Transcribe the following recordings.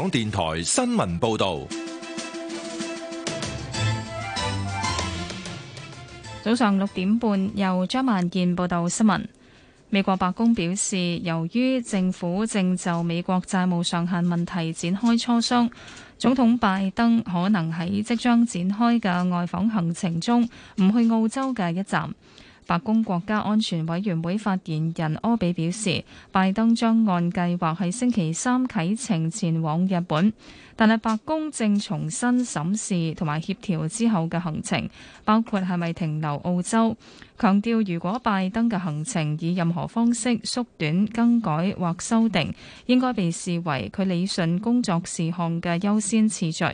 港電台新聞報道，早上六點半，由張萬健報道新聞。美國白宮表示，由於政府正就美國債務上限問題展開磋商，總統拜登可能喺即將展開嘅外訪行程中，唔去澳洲嘅一站。白宮國家安全委員會發言人柯比表示，拜登將按計劃喺星期三啟程前往日本，但係白宮正重新審視同埋協調之後嘅行程，包括係咪停留澳洲，強調如果拜登嘅行程以任何方式縮短、更改或修訂，應該被視為佢理順工作事項嘅優先次序。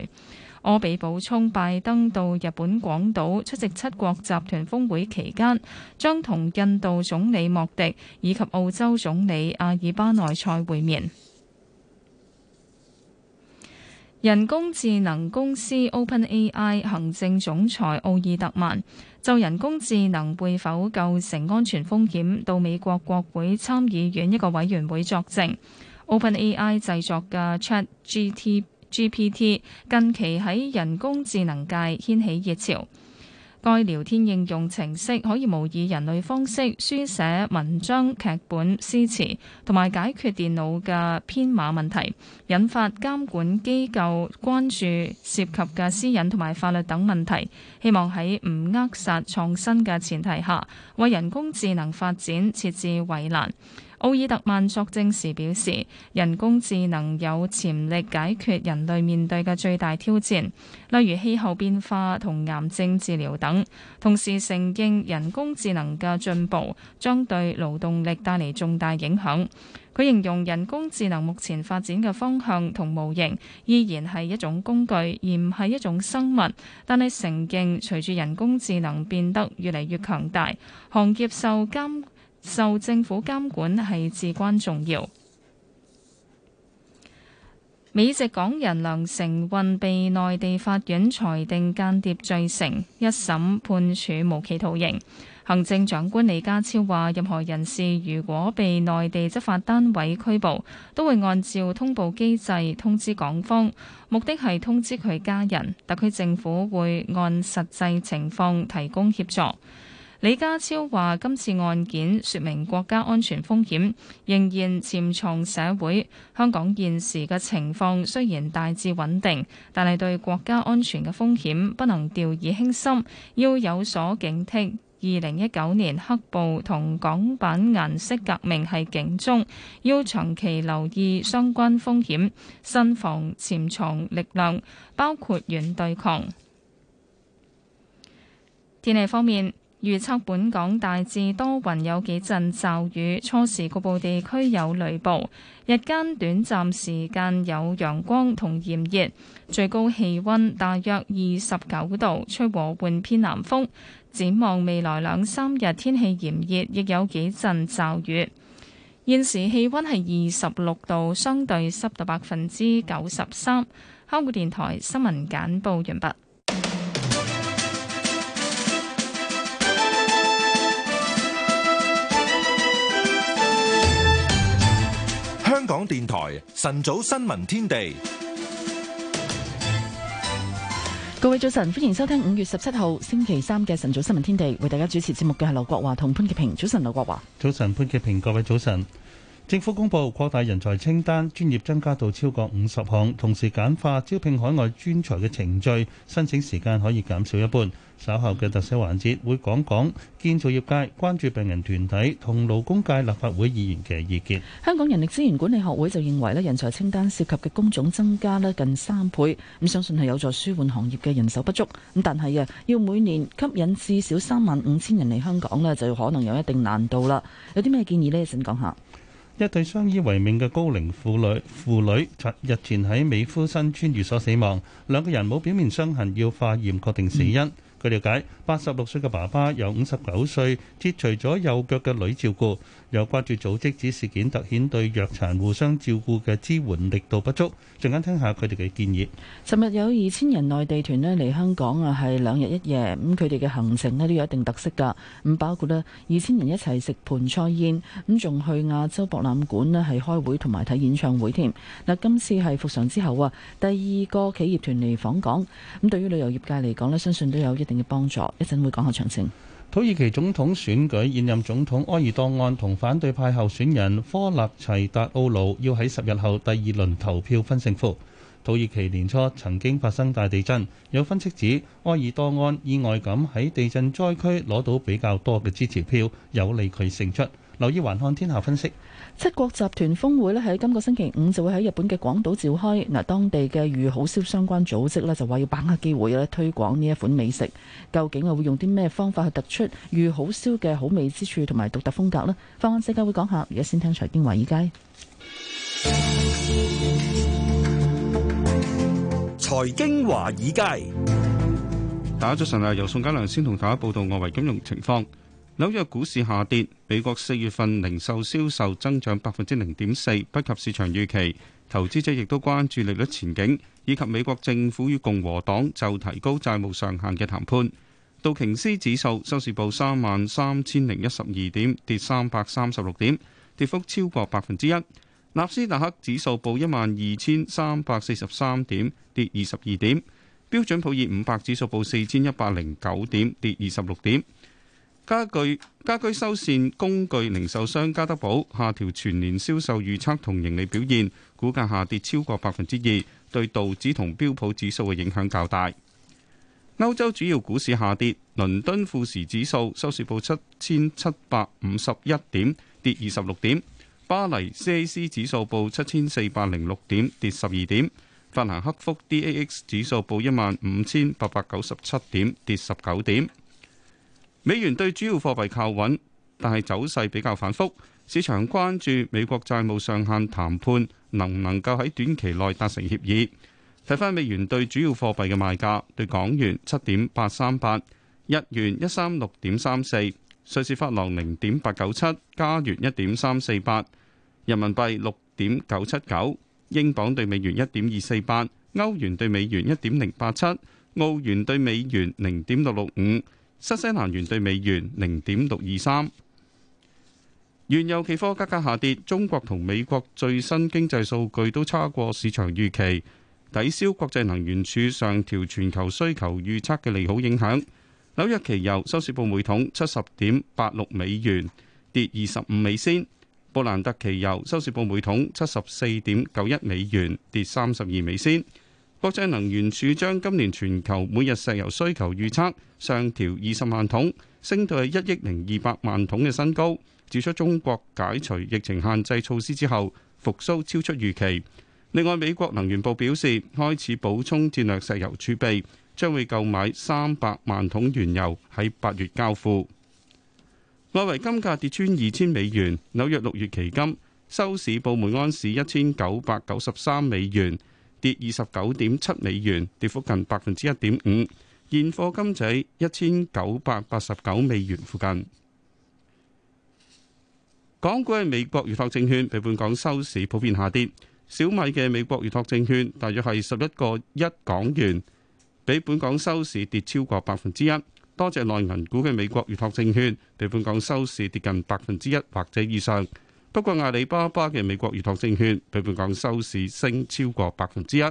我比補充，拜登到日本廣島出席七國集團峰會期間，將同印度總理莫迪以及澳洲總理阿爾巴內塞會面。人工智能公司 OpenAI 行政總裁奧爾特曼就人工智能會否構成安全風險，到美國國會參議院一個委員會作證。OpenAI 製作嘅 ChatGPT GPT 近期喺人工智能界掀起熱潮，該聊天應用程式可以模擬人類方式書寫文章、劇本、詩詞同埋解決電腦嘅編碼問題，引發監管機構關注涉及嘅私隱同埋法律等問題，希望喺唔扼殺創新嘅前提下，為人工智能發展設置圍欄。奧爾特曼作證時表示，人工智能有潛力解決人類面對嘅最大挑戰，例如氣候變化同癌症治療等。同時承認人工智能嘅進步將對勞動力帶嚟重大影響。佢形容人工智能目前發展嘅方向同模型依然係一種工具，而唔係一種生物。但係承認，隨住人工智能變得越嚟越強大，行業受監。受政府監管係至關重要。美籍港人梁成運被內地法院裁定間諜罪成，一審判處無期徒刑。行政長官李家超話，任何人士如果被內地執法單位拘捕，都會按照通報機制通知港方，目的係通知佢家人。特區政府會按實際情況提供協助。李家超話：今次案件説明國家安全風險仍然潛藏社會。香港現時嘅情況雖然大致穩定，但係對國家安全嘅風險不能掉以輕心，要有所警惕。二零一九年黑暴同港版顏色革命係警鐘，要長期留意相關風險、慎防潛藏力量，包括軟對抗。天氣方面。預測本港大致多雲，有幾陣驟雨，初時局部地區有雷暴，日間短暫時間有陽光同炎熱，最高氣温大約二十九度，吹和緩偏南風。展望未來兩三日天氣炎熱，亦有幾陣驟雨。現時氣温係二十六度，相對濕度百分之九十三。香港電台新聞簡報完畢。香港電台晨早新聞天地，各位早晨，歡迎收聽五月十七號星期三嘅晨早新聞天地，為大家主持節目嘅係劉國華同潘潔平。早晨，劉國華，早晨，潘潔平，各位早晨。政府公布擴大人才清單，專業增加到超過五十項，同時簡化招聘海外專才嘅程序，申請時間可以減少一半。稍後嘅特色環節會講講建造業界、關注病人團體同勞工界立法會議員嘅意見，一對一對。香港人力資源管理學會就認為咧，人才清單涉及嘅工種增加咧近三倍，咁相信係有助舒緩行業嘅人手不足。咁但係啊，要每年吸引至少三萬五千人嚟香港咧，就可能有一定難度啦。有啲咩建議呢？先講下一對相依為命嘅高齡婦女，婦女日前喺美孚新村寓所死亡，兩個人冇表面傷痕，要化驗確定死因。據了解，八十六歲嘅爸爸由五十九歲切除咗右腳嘅女照顧。有關注組織指事件突顯對弱殘互相照顧嘅支援力度不足，陣間聽下佢哋嘅建議。尋日有二千人內地團咧嚟香港啊，係兩日一夜，咁佢哋嘅行程咧都有一定特色㗎，咁包括咧二千人一齊食盆菜宴，咁仲去亞洲博覽館咧係開會同埋睇演唱會添。嗱，今次係復常之後啊，第二個企業團嚟訪港，咁對於旅遊業界嚟講咧，相信都有一定嘅幫助。一陣會，會講下詳情。土耳其總統選舉，現任總統埃爾多安同反對派候選人科勒齊達奧魯要喺十日後第二輪投票分勝負。土耳其年初曾經發生大地震，有分析指埃爾多安意外咁喺地震災區攞到比較多嘅支持票，有利佢勝出。留意《環看天下》分析，七國集團峰會咧喺今個星期五就會喺日本嘅廣島召開。嗱，當地嘅御好燒相關組織咧就話要把握機會呢推廣呢一款美食。究竟啊會用啲咩方法去突出御好燒嘅好味之處同埋獨特風格呢？放眼世界會講下，而家先聽財經華爾街。財經華爾街，大家早晨啊！由宋嘉良先同大家報道外圍金融情況。紐約股市下跌，美國四月份零售銷售增長百分之零點四，不及市場預期。投資者亦都關注利率前景，以及美國政府與共和黨就提高債務上限嘅談判。道瓊斯指數收市報三萬三千零一十二點，跌三百三十六點，跌幅超過百分之一。納斯達克指數報一萬二千三百四十三點，跌二十二點。標準普爾五百指數報四千一百零九點，跌二十六點。家具家居修繕工具零售商家得寶下調全年銷售預測同盈利表現，股價下跌超過百分之二，對道指同標普指數嘅影響較大。歐洲主要股市下跌，倫敦富時指數收市報七千七百五十一點，跌二十六點；巴黎 CAC 指數報七千四百零六點，跌十二點；法蘭克福 DAX 指數報一萬五千八百九十七點，跌十九點。美元對主要貨幣靠穩，但係走勢比較反覆。市場關注美國債務上限談判能唔能夠喺短期內達成協議。睇翻美元對主要貨幣嘅賣價：對港元七點八三八，日元一三六點三四，瑞士法郎零點八九七，加元一點三四八，人民幣六點九七九，英鎊對美元一點二四八，歐元對美元一點零八七，澳元對美元零點六六五。新西蘭元對美元零點六二三，原油期貨價格下跌。中國同美國最新經濟數據都差過市場預期，抵消國際能源署上調全球需求預測嘅利好影響。紐約期油收市報每桶七十點八六美元，跌二十五美仙。布蘭特期油收市報每桶七十四點九一美元，跌三十二美仙。國際能源署將今年全球每日石油需求預測上調二十萬桶，升到去一億零二百萬桶嘅新高，指出中國解除疫情限制措施之後復甦超出預期。另外，美國能源部表示開始補充戰略石油儲備，將會購買三百萬桶原油喺八月交付。外圍金價跌穿二千美元，紐約六月期金收市報每安士一千九百九十三美元。跌二十九點七美元，跌幅近百分之一點五。現貨金仔一千九百八十九美元附近。港股嘅美國預託證券，比本港收市普遍下跌。小米嘅美國預託證券大約係十一個一港元，比本港收市跌超過百分之一。多隻內銀股嘅美國預託證券，比本港收市跌近百分之一或者以上。不過，阿里巴巴嘅美國預託證券，比本港收市升超過百分之一。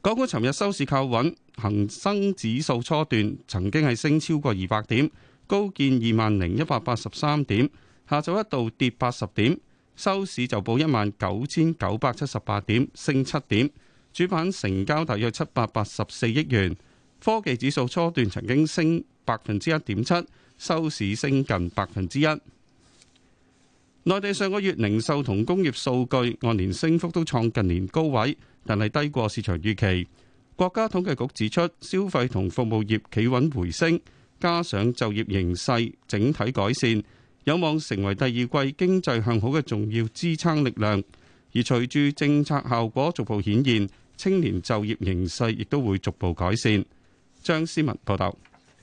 港股尋日收市靠穩，恒生指數初段曾經係升超過二百點，高見二萬零一百八十三點。下晝一度跌八十點，收市就報一萬九千九百七十八點，升七點。主板成交大約七百八十四億元。科技指數初段曾經升百分之一點七，收市升近百分之一。內地上個月零售同工業數據按年升幅都創近年高位，但係低過市場預期。國家統計局指出，消費同服務業企穩回升，加上就業形勢整體改善，有望成為第二季經濟向好嘅重要支撐力量。而隨住政策效果逐步顯現，青年就業形勢亦都會逐步改善。張思文報道。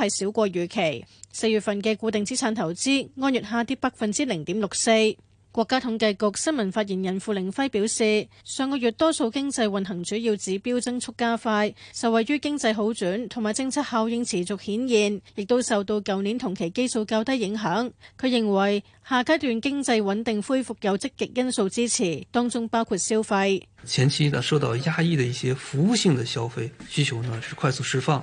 係少過預期，四月份嘅固定資產投資按月下跌百分之零點六四。國家統計局新聞發言人付凌暉表示，上個月多數經濟運行主要指標增速加快，受惠於經濟好轉同埋政策效應持續顯現，亦都受到舊年同期基數較低影響。佢認為下階段經濟穩定恢復有積極因素支持，當中包括消費。前期呢受到壓抑嘅一些服務性嘅消費需求呢是快速釋放。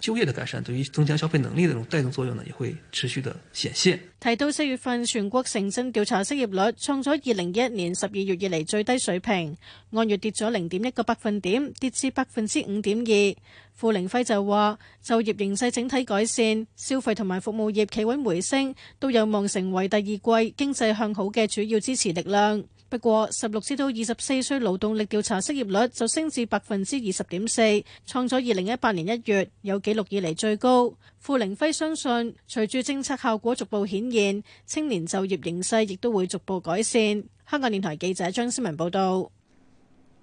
就業嘅改善對於增加消費能力嘅一種帶動作用呢，也會持續嘅顯現。提到四月份全國城鎮調查失業率創咗二零一一年十二月以嚟最低水平，按月跌咗零點一個百分點，跌至百分之五點二。傅凌輝就話，就業形勢整體改善，消費同埋服務業企穩回升，都有望成為第二季經濟向好嘅主要支持力量。不過，十六至到二十四歲勞動力調查失業率就升至百分之二十點四，創咗二零一八年一月有記錄以嚟最高。傅凌輝相信，隨住政策效果逐步顯現，青年就業形勢亦都會逐步改善。香港電台記者張思文報道：二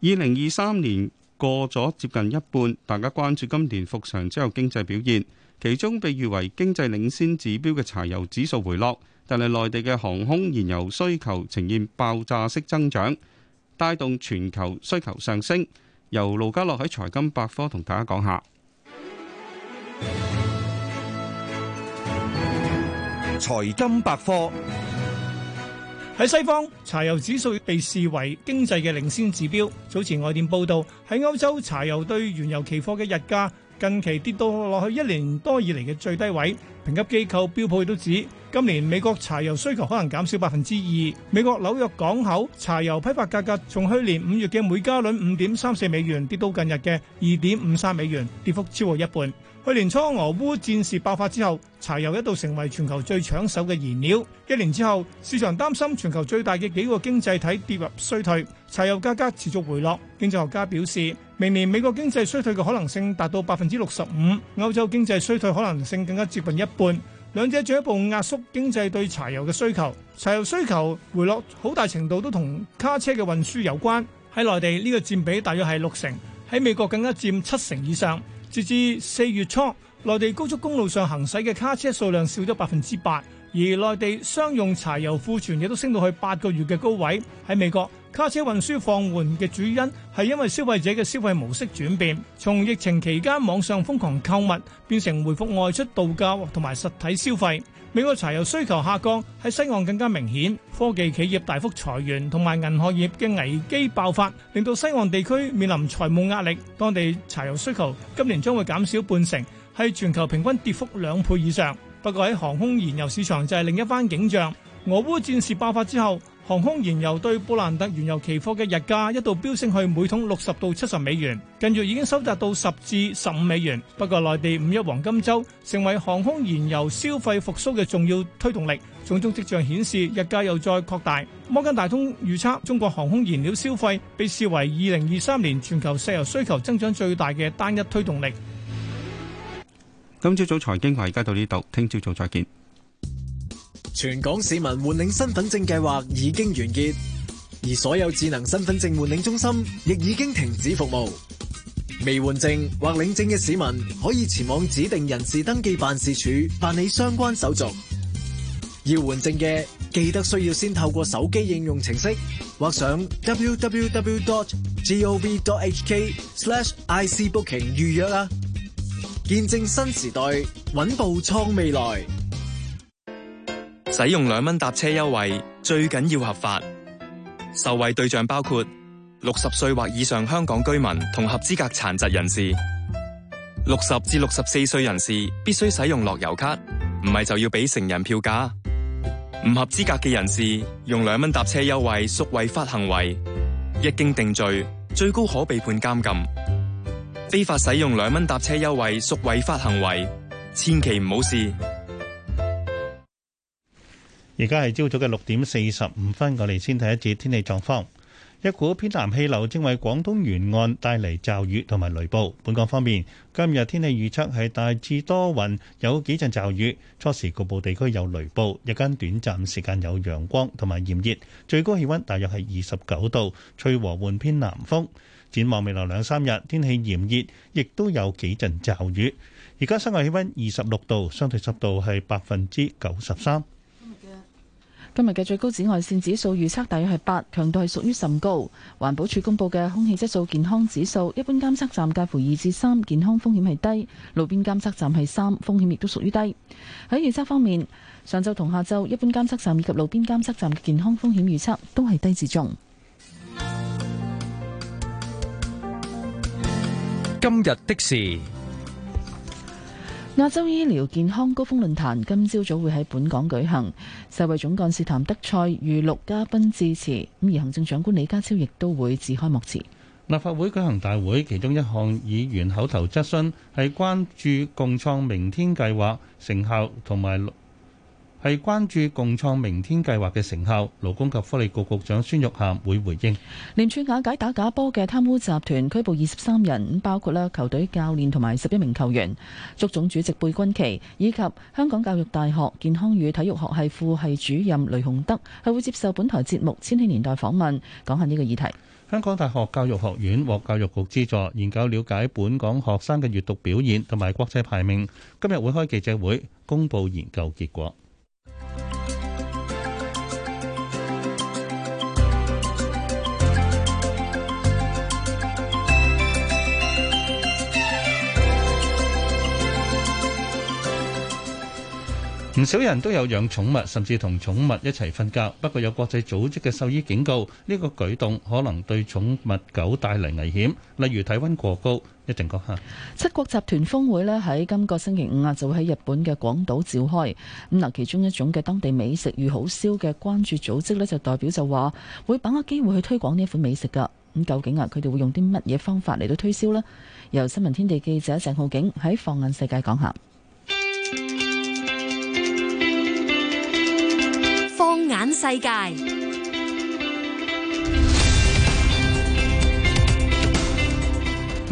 零二三年過咗接近一半，大家關注今年復常之後經濟表現，其中被譽為經濟領先指標嘅柴油指數回落。但係內地嘅航空燃油需求呈現爆炸式增長，帶動全球需求上升。由盧家樂喺財金百科同大家講下。財金百科。喺西方，柴油指數被視為經濟嘅領先指標。早前外電報道，喺歐洲柴油對原油期貨嘅日價。近期跌到落去一年多以嚟嘅最低位，評級機構標普都指今年美國柴油需求可能減少百分之二。美國紐約港口柴油批發價格從去年五月嘅每加侖五點三四美元跌到近日嘅二點五三美元，跌幅超過一半。去年初俄烏戰事爆發之後，柴油一度成為全球最搶手嘅燃料。一年之後，市場擔心全球最大嘅幾個經濟體跌入衰退，柴油價格持續回落。經濟學家表示，明年美國經濟衰退嘅可能性達到百分之六十五，歐洲經濟衰退可能性更加接近一半。兩者進一步壓縮經濟對柴油嘅需求。柴油需求回落好大程度都同卡車嘅運輸有關。喺內地呢個佔比大約係六成，喺美國更加佔七成以上。截至四月初，內地高速公路上行駛嘅卡車數量少咗百分之八，而內地商用柴油庫存亦都升到去八個月嘅高位。喺美國，卡車運輸放緩嘅主因係因為消費者嘅消費模式轉變，從疫情期間網上瘋狂購物變成回復外出度假同埋實體消費。美國柴油需求下降喺西岸更加明顯，科技企業大幅裁員同埋銀行業嘅危機爆發，令到西岸地區面臨財務壓力。當地柴油需求今年將會減少半成，係全球平均跌幅兩倍以上。不過喺航空燃油市場就係另一番景象，俄烏戰事爆發之後。航空燃油對布蘭特原油期貨嘅日價一度飆升去每桶六十到七十美元，近月已經收窄到十至十五美元。不過內地五一黃金周成為航空燃油消費復蘇嘅重要推動力，種種跡象顯示日價又再擴大。摩根大通預測，中國航空燃料消費被視為二零二三年全球石油需求增長最大嘅單一推動力。今朝早財經話，而家到呢度，聽朝早再見。全港市民換領身份證計劃已經完結，而所有智能身份證換領中心亦已經停止服務。未換證或領證嘅市民可以前往指定人事登記辦事處辦理相關手續。要換證嘅，記得需要先透過手機應用程式或上 www.gov.hk/icbooking 預約啦。見證新時代，穩步創未來。使用兩蚊搭車優惠最緊要合法，受惠對象包括六十歲或以上香港居民同合資格殘疾人士。六十至六十四歲人士必須使用樂悠咭，唔係就要俾成人票價。唔合資格嘅人士用兩蚊搭車優惠屬違法行為，一經定罪，最高可被判監禁。非法使用兩蚊搭車優惠屬違法行為，千祈唔好試。而家係朝早嘅六點四十五分，我哋先睇一節天氣狀況。一股偏南氣流正為廣東沿岸帶嚟驟雨同埋雷暴。本港方面今日天氣預測係大致多雲，有幾陣驟雨，初時局部地區有雷暴，日間短暫時間有陽光同埋炎熱，最高氣溫大約係二十九度，吹和緩偏南風。展望未來兩三日天氣炎熱，亦都有幾陣驟雨。而家室外氣溫二十六度，相對濕度係百分之九十三。今日嘅最高紫外線指數預測大約係八，強度係屬於甚高。環保署公布嘅空氣質素健康指數，一般監測站介乎二至三，健康風險係低；路邊監測站係三，風險亦都屬於低。喺預測方面，上晝同下晝一般監測站以及路邊監測站嘅健康風險預測都係低至中。今日的事。亞洲醫療健康高峰論壇今朝早會喺本港舉行，世衛總幹事譚德塞預錄嘉賓致辭，咁而行政長官李家超亦都會致開幕詞。立法會舉行大會，其中一項議員口頭質詢係關注共創明天計劃成效同埋。係關注共創明天計劃嘅成效。勞工及福利局局長孫玉菡會回應，廉署瓦解打假波嘅貪污集團，拘捕二十三人，包括啦球隊教練同埋十一名球員。足總主席貝鈞奇，以及香港教育大學健康與體育學系副系主任雷洪德係會接受本台節目《千禧年代》訪問，講下呢個議題。香港大學教育學院獲教，教育局資助研究，了解本港學生嘅閱讀表現同埋國際排名，今日會開記者會公布研究結果。唔少人都有養寵物，甚至同寵物一齊瞓覺。不過有國際組織嘅獸醫警告，呢個舉動可能對寵物狗帶嚟危險，例如體温過高。一陣講下。七國集團峰會咧喺今個星期五啊，就會喺日本嘅廣島召開。咁嗱，其中一種嘅當地美食御好燒嘅關注組織咧，就代表就話會把握機會去推廣呢一款美食噶。咁究竟啊，佢哋會用啲乜嘢方法嚟到推銷呢？由新聞天地記者鄭浩景喺放眼世界講下。眼世界，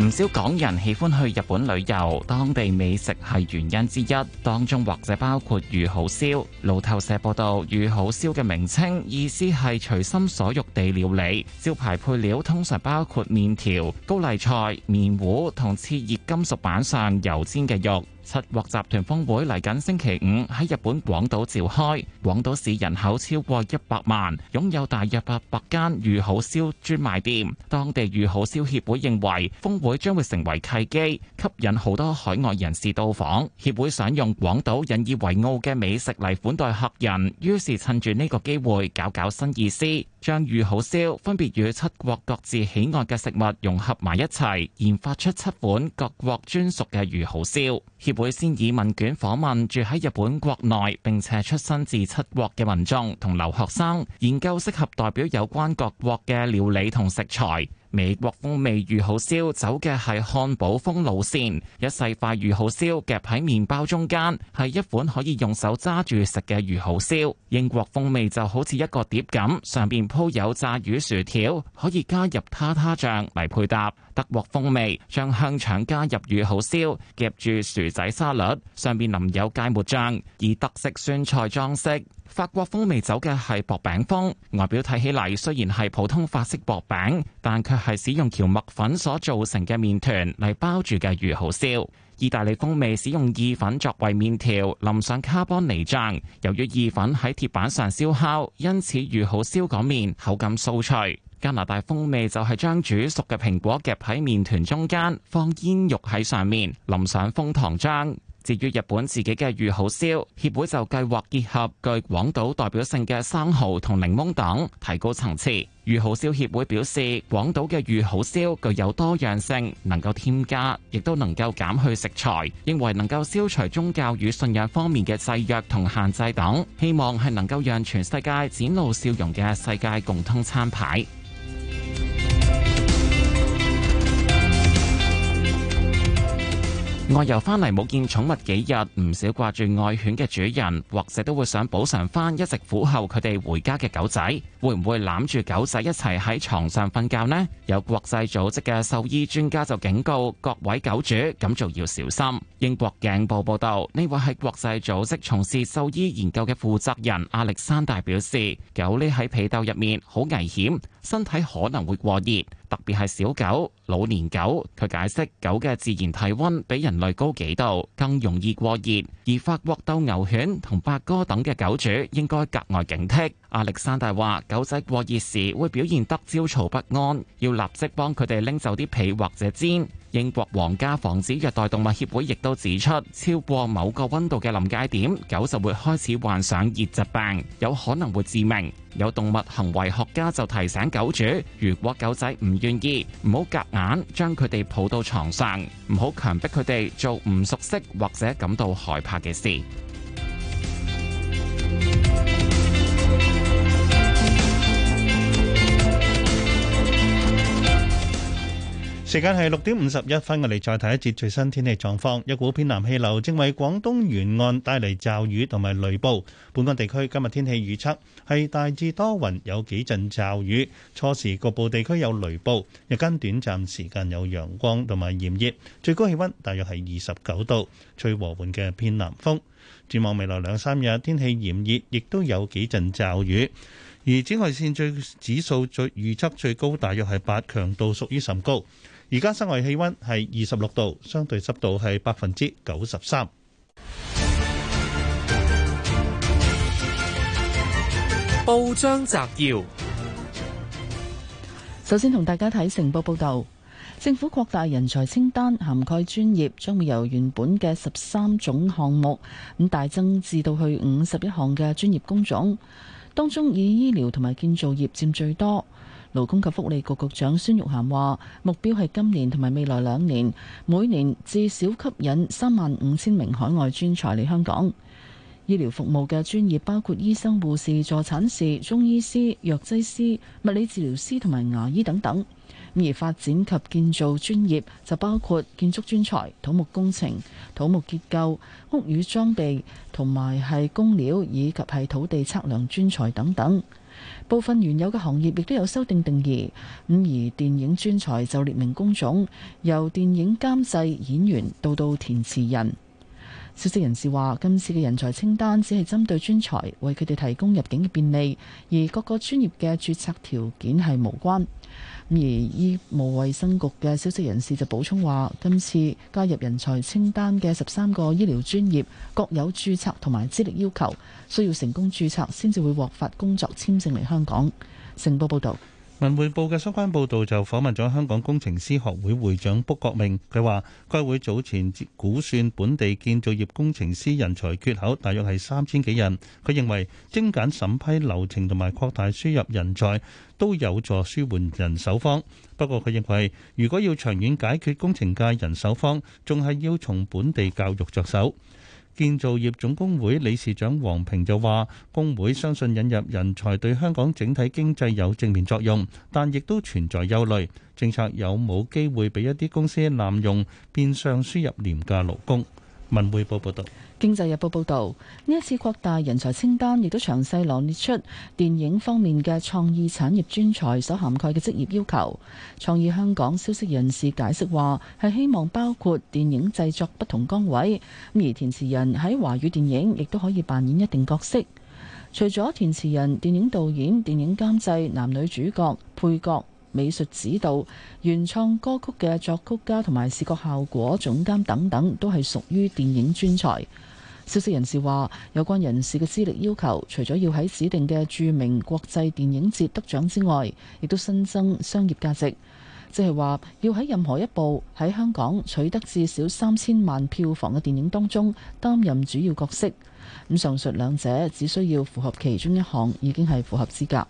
唔少港人喜歡去日本旅遊，當地美食係原因之一。當中或者包括御好燒。路透社報道，御好燒嘅名稱意思係隨心所欲地料理，招牌配料通常包括麵條、高麗菜、麵糊同炙熱金屬板上油煎嘅肉。七國集團峰會嚟緊星期五喺日本廣島召開，廣島市人口超過一百萬，擁有大約八百,百間御好燒專賣店。當地御好燒協會認為峰會將會成為契機，吸引好多海外人士到訪。協會想用廣島引以為傲嘅美食嚟款待客人，於是趁住呢個機會搞搞新意思。將魚好燒分別與七國各自喜愛嘅食物融合埋一齊，研發出七款各國專屬嘅魚好燒。協會先以問卷訪問住喺日本國內並且出身自七國嘅民眾同留學生，研究適合代表有關各國嘅料理同食材。美國風味魚好燒，走嘅係漢堡風路線，一細塊魚好燒夾喺麵包中間，係一款可以用手揸住食嘅魚好燒。英國風味就好似一個碟咁，上面鋪有炸魚薯條，可以加入他他醬嚟配搭。德國風味將香腸加入魚好燒，夾住薯仔沙律，上面淋有芥末醬，以特色酸菜裝飾。法國風味走嘅係薄餅風，外表睇起嚟雖然係普通法式薄餅，但卻係使用蕎麥粉所做成嘅麵團嚟包住嘅魚好燒。意大利風味使用意粉作為麵條，淋上卡邦尼醬。由於意粉喺鐵板上燒烤，因此魚好燒嗰面口感酥脆。加拿大風味就係將煮熟嘅蘋果夾喺麵團中間，放煙肉喺上面，淋上蜂糖漿。至於日本自己嘅御好燒協會就計劃結合具廣島代表性嘅生蠔同檸檬等，提高層次。御好燒協會表示，廣島嘅御好燒具有多樣性，能夠添加，亦都能夠減去食材，認為能夠消除宗教與信仰方面嘅制約同限制等，希望係能夠讓全世界展露笑容嘅世界共通餐牌。外遊翻嚟冇見寵物幾日，唔少掛住愛犬嘅主人，或者都會想補償翻一直苦候佢哋回家嘅狗仔，會唔會攬住狗仔一齊喺床上瞓覺呢？有國際組織嘅獸醫專家就警告各位狗主，咁就要小心。英國鏡報報道，呢位係國際組織從事獸醫研究嘅負責人阿歷山大表示，狗匿喺被竇入面好危險。身體可能會過熱，特別係小狗、老年狗。佢解釋狗嘅自然體溫比人類高幾度，更容易過熱。而法國鬥牛犬同八哥等嘅狗主應該格外警惕。亞歷山大話，狗仔過熱時會表現得焦躁不安，要立即幫佢哋拎走啲被或者氈。英國皇家防止虐待動物協會亦都指出，超過某個溫度嘅臨界點，狗就會開始患上熱疾病，有可能會致命。有動物行為學家就提醒狗主，如果狗仔唔願意，唔好夾硬將佢哋抱到床上，唔好強迫佢哋做唔熟悉或者感到害怕嘅事。時間係六點五十一分，我哋再睇一節最新天氣狀況。一股偏南氣流正為廣東沿岸帶嚟驟雨同埋雷暴。本港地區今日天氣預測係大致多雲，有幾陣驟雨，初時局部地區有雷暴，日間短暫時間有陽光同埋炎熱，最高氣温大約係二十九度，吹和緩嘅偏南風。展望未來兩三日，天氣炎熱，亦都有幾陣驟雨，而紫外線最指數最預測最高大約係八，強度屬於甚高。而家室外氣溫係二十六度，相對濕度係百分之九十三。報章摘要：首先同大家睇成報報道，政府擴大人才清單，涵蓋專業，將會由原本嘅十三種項目，咁大增至到去五十一項嘅專業工種，當中以醫療同埋建造業佔最多。勞工及福利局局長孫玉菡話：目標係今年同埋未來兩年，每年至少吸引三萬五千名海外專才嚟香港。醫療服務嘅專業包括醫生、護士、助產士、中醫師、藥劑師、藥劑師、物理治療師同埋牙醫等等。而發展及建造專業就包括建築專才、土木工程、土木結構、屋宇裝備同埋係工料以及係土地測量專才等等。部分原有嘅行業亦都有修訂定，定義，咁而電影專才就列明工種，由電影監製、演員到到填詞人。消息人士話，今次嘅人才清單只係針對專才，為佢哋提供入境嘅便利，而各個專業嘅註冊條件係無關。而醫務衛生局嘅消息人士就補充話，今次加入人才清單嘅十三個醫療專業各有註冊同埋資歷要求，需要成功註冊先至會獲發工作簽證嚟香港。成報報道。文匯報嘅相關報道就訪問咗香港工程師學會會長卜國明，佢話該會早前估算本地建造業工程師人才缺口大約係三千幾人。佢認為精簡審批流程同埋擴大輸入人才都有助舒緩人手荒。不過佢認為如果要長遠解決工程界人手荒，仲係要從本地教育着手。建造業總工會理事長黃平就話，工會相信引入人才對香港整體經濟有正面作用，但亦都存在憂慮，政策有冇機會俾一啲公司濫用，變相輸入廉價勞工。文匯報報道，《經濟日報》報道呢一次擴大人才清單，亦都詳細羅列出電影方面嘅創意產業專才所涵蓋嘅職業要求。創意香港消息人士解釋話，係希望包括電影製作不同崗位，而填詞人喺華語電影亦都可以扮演一定角色。除咗填詞人、電影導演、電影監製、男女主角、配角。美術指導、原創歌曲嘅作曲家同埋視覺效果總監等等，都係屬於電影專才。消息人士話，有關人士嘅資歷要求，除咗要喺指定嘅著名國際電影節得獎之外，亦都新增商業價值，即係話要喺任何一部喺香港取得至少三千萬票房嘅電影當中擔任主要角色。咁上述兩者只需要符合其中一項，已經係符合資格。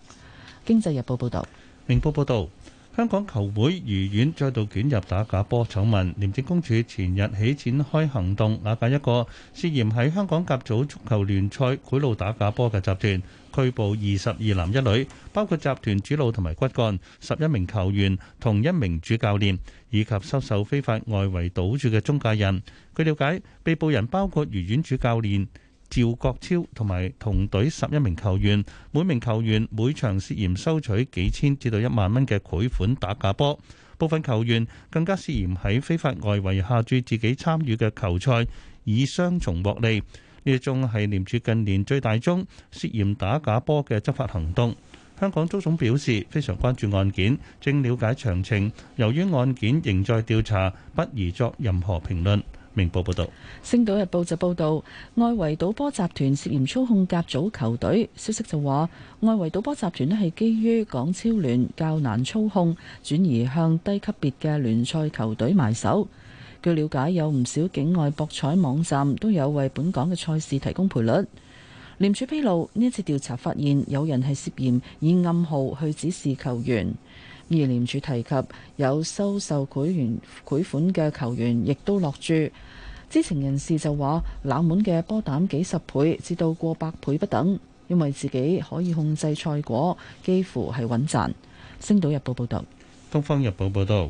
經濟日報報道，明報報道。香港球會愉園再度捲入打假波醜聞，廉政公署前日起展開行動，瓦解一個涉嫌喺香港甲組足球聯賽賄賂打假波嘅集團，拘捕二十二男一女，包括集團主腦同埋骨幹十一名球員、同一名主教練以及收受非法外圍賭注嘅中介人。據了解，被捕人包括愉園主教練。趙國超同埋同隊十一名球員，每名球員每場涉嫌收取幾千至到一萬蚊嘅賄款打假波，部分球員更加涉嫌喺非法外圍下注自己參與嘅球賽，以雙重獲利。呢一宗仲係廉署近年最大宗涉嫌打假波嘅執法行動。香港足總表示非常關注案件，正了解詳情。由於案件仍在調查，不宜作任何評論。明報報導，《星島日報》就報導，外圍賭波集團涉嫌操控甲組球隊。消息就話，外圍賭波集團呢係基於港超聯較難操控，轉而向低級別嘅聯賽球隊埋手。據了解，有唔少境外博彩網站都有為本港嘅賽事提供賠率。廉署披露，呢一次調查發現，有人係涉嫌以暗號去指示球員。而廉署提及有收受賄員賄款嘅球員亦都落注。知情人士就話冷門嘅波膽幾十倍至到過百倍不等，因為自己可以控制賽果，幾乎係穩賺。星島日報報道，東方日報報道，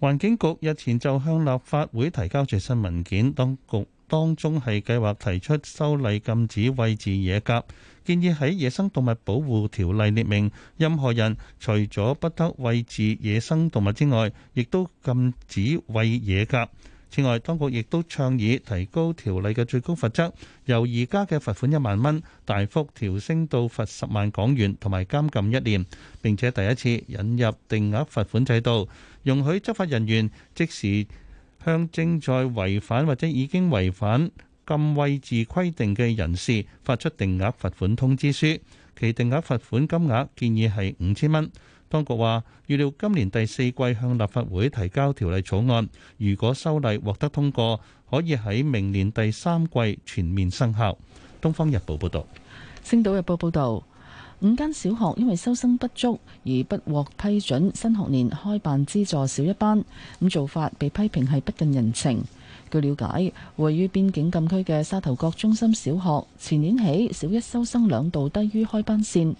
環境局日前就向立法會提交最新文件，當局當中係計劃提出修例禁止位置野鴿。建議喺野生動物保護條例列明，任何人除咗不得餵飼野生動物之外，亦都禁止餵野鴿。此外，當局亦都倡議提高條例嘅最高罰則，由而家嘅罰款一萬蚊大幅調升到罰十萬港元同埋監禁一年。並且第一次引入定額罰款制度，容許執法人員即時向正在違反或者已經違反。禁位置規定嘅人士發出定額罰款通知書，其定額罰款金額建議係五千蚊。當局話，預料今年第四季向立法會提交條例草案，如果修例獲得通過，可以喺明年第三季全面生效。東方日報報道，星島日報報道，五間小學因為收生不足而不獲批准新學年開辦資助小一班，咁做法被批評係不近人情。據了解，位於邊境禁區嘅沙頭角中心小學前年起小一收生兩度低於開班線，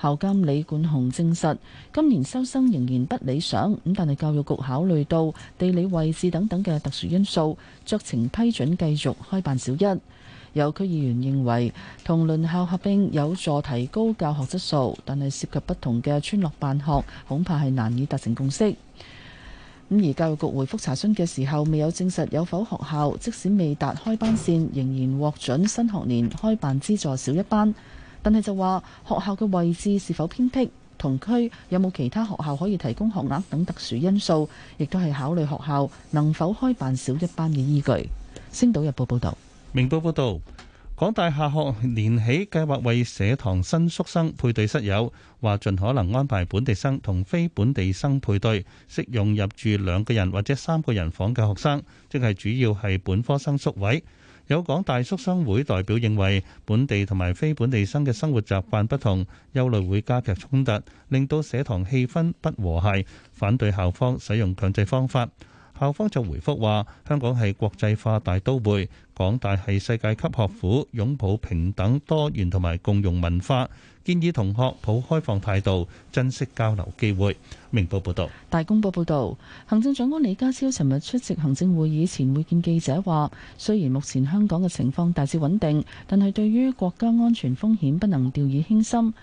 校監李冠雄證實，今年收生仍然不理想。咁但係教育局考慮到地理位置等等嘅特殊因素，酌情批准繼續開辦小一。有區議員認為，同鄰校合併有助提高教學質素，但係涉及不同嘅村落辦學，恐怕係難以達成共識。咁而教育局回覆查詢嘅時候，未有證實有否學校即使未達開班線，仍然獲准新學年開辦資助小一班。但係就話學校嘅位置是否偏僻、同區有冇其他學校可以提供學額等特殊因素，亦都係考慮學校能否開辦小一班嘅依據。星島日報報道，明報報道。港大下學年起計劃為舍堂新宿生配對室友，話盡可能安排本地生同非本地生配對，適用入住兩個人或者三個人房嘅學生，即係主要係本科生宿位。有港大宿生會代表認為，本地同埋非本地生嘅生活習慣不同，憂慮會加劇衝突，令到舍堂氣氛不和諧，反對校方使用強制方法。校方就回覆話：香港係國際化大都會，港大係世界級學府，擁抱平等多元同埋共融文化，建議同學抱開放態度，珍惜交流機會。明報報道：「大公報報道，行政長官李家超尋日出席行政會議前會見記者，話雖然目前香港嘅情況大致穩定，但係對於國家安全風險不能掉以輕心。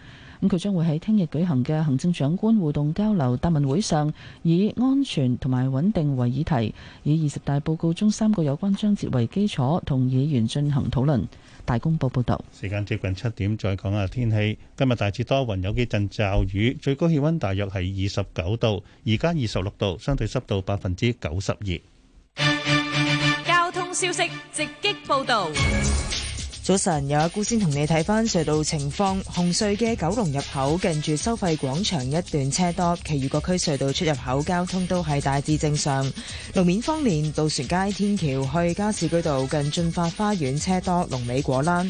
咁佢將會喺聽日舉行嘅行政長官互動交流答問會上，以安全同埋穩定為議題，以二十大報告中三個有關章節為基礎，同議員進行討論。大公報報道。時間接近七點，再講下天氣。今日大致多雲，有幾陣驟雨，最高氣溫大約係二十九度，而家二十六度，相對濕度百分之九十二。交通消息，直擊報道。早晨，有阿姑先同你睇翻隧道情況。紅隧嘅九龍入口近住收費廣場一段車多，其餘各區隧道出入口交通都係大致正常。路面方面，渡船街天橋去加士居道近駿發花園車多，龍尾果欄。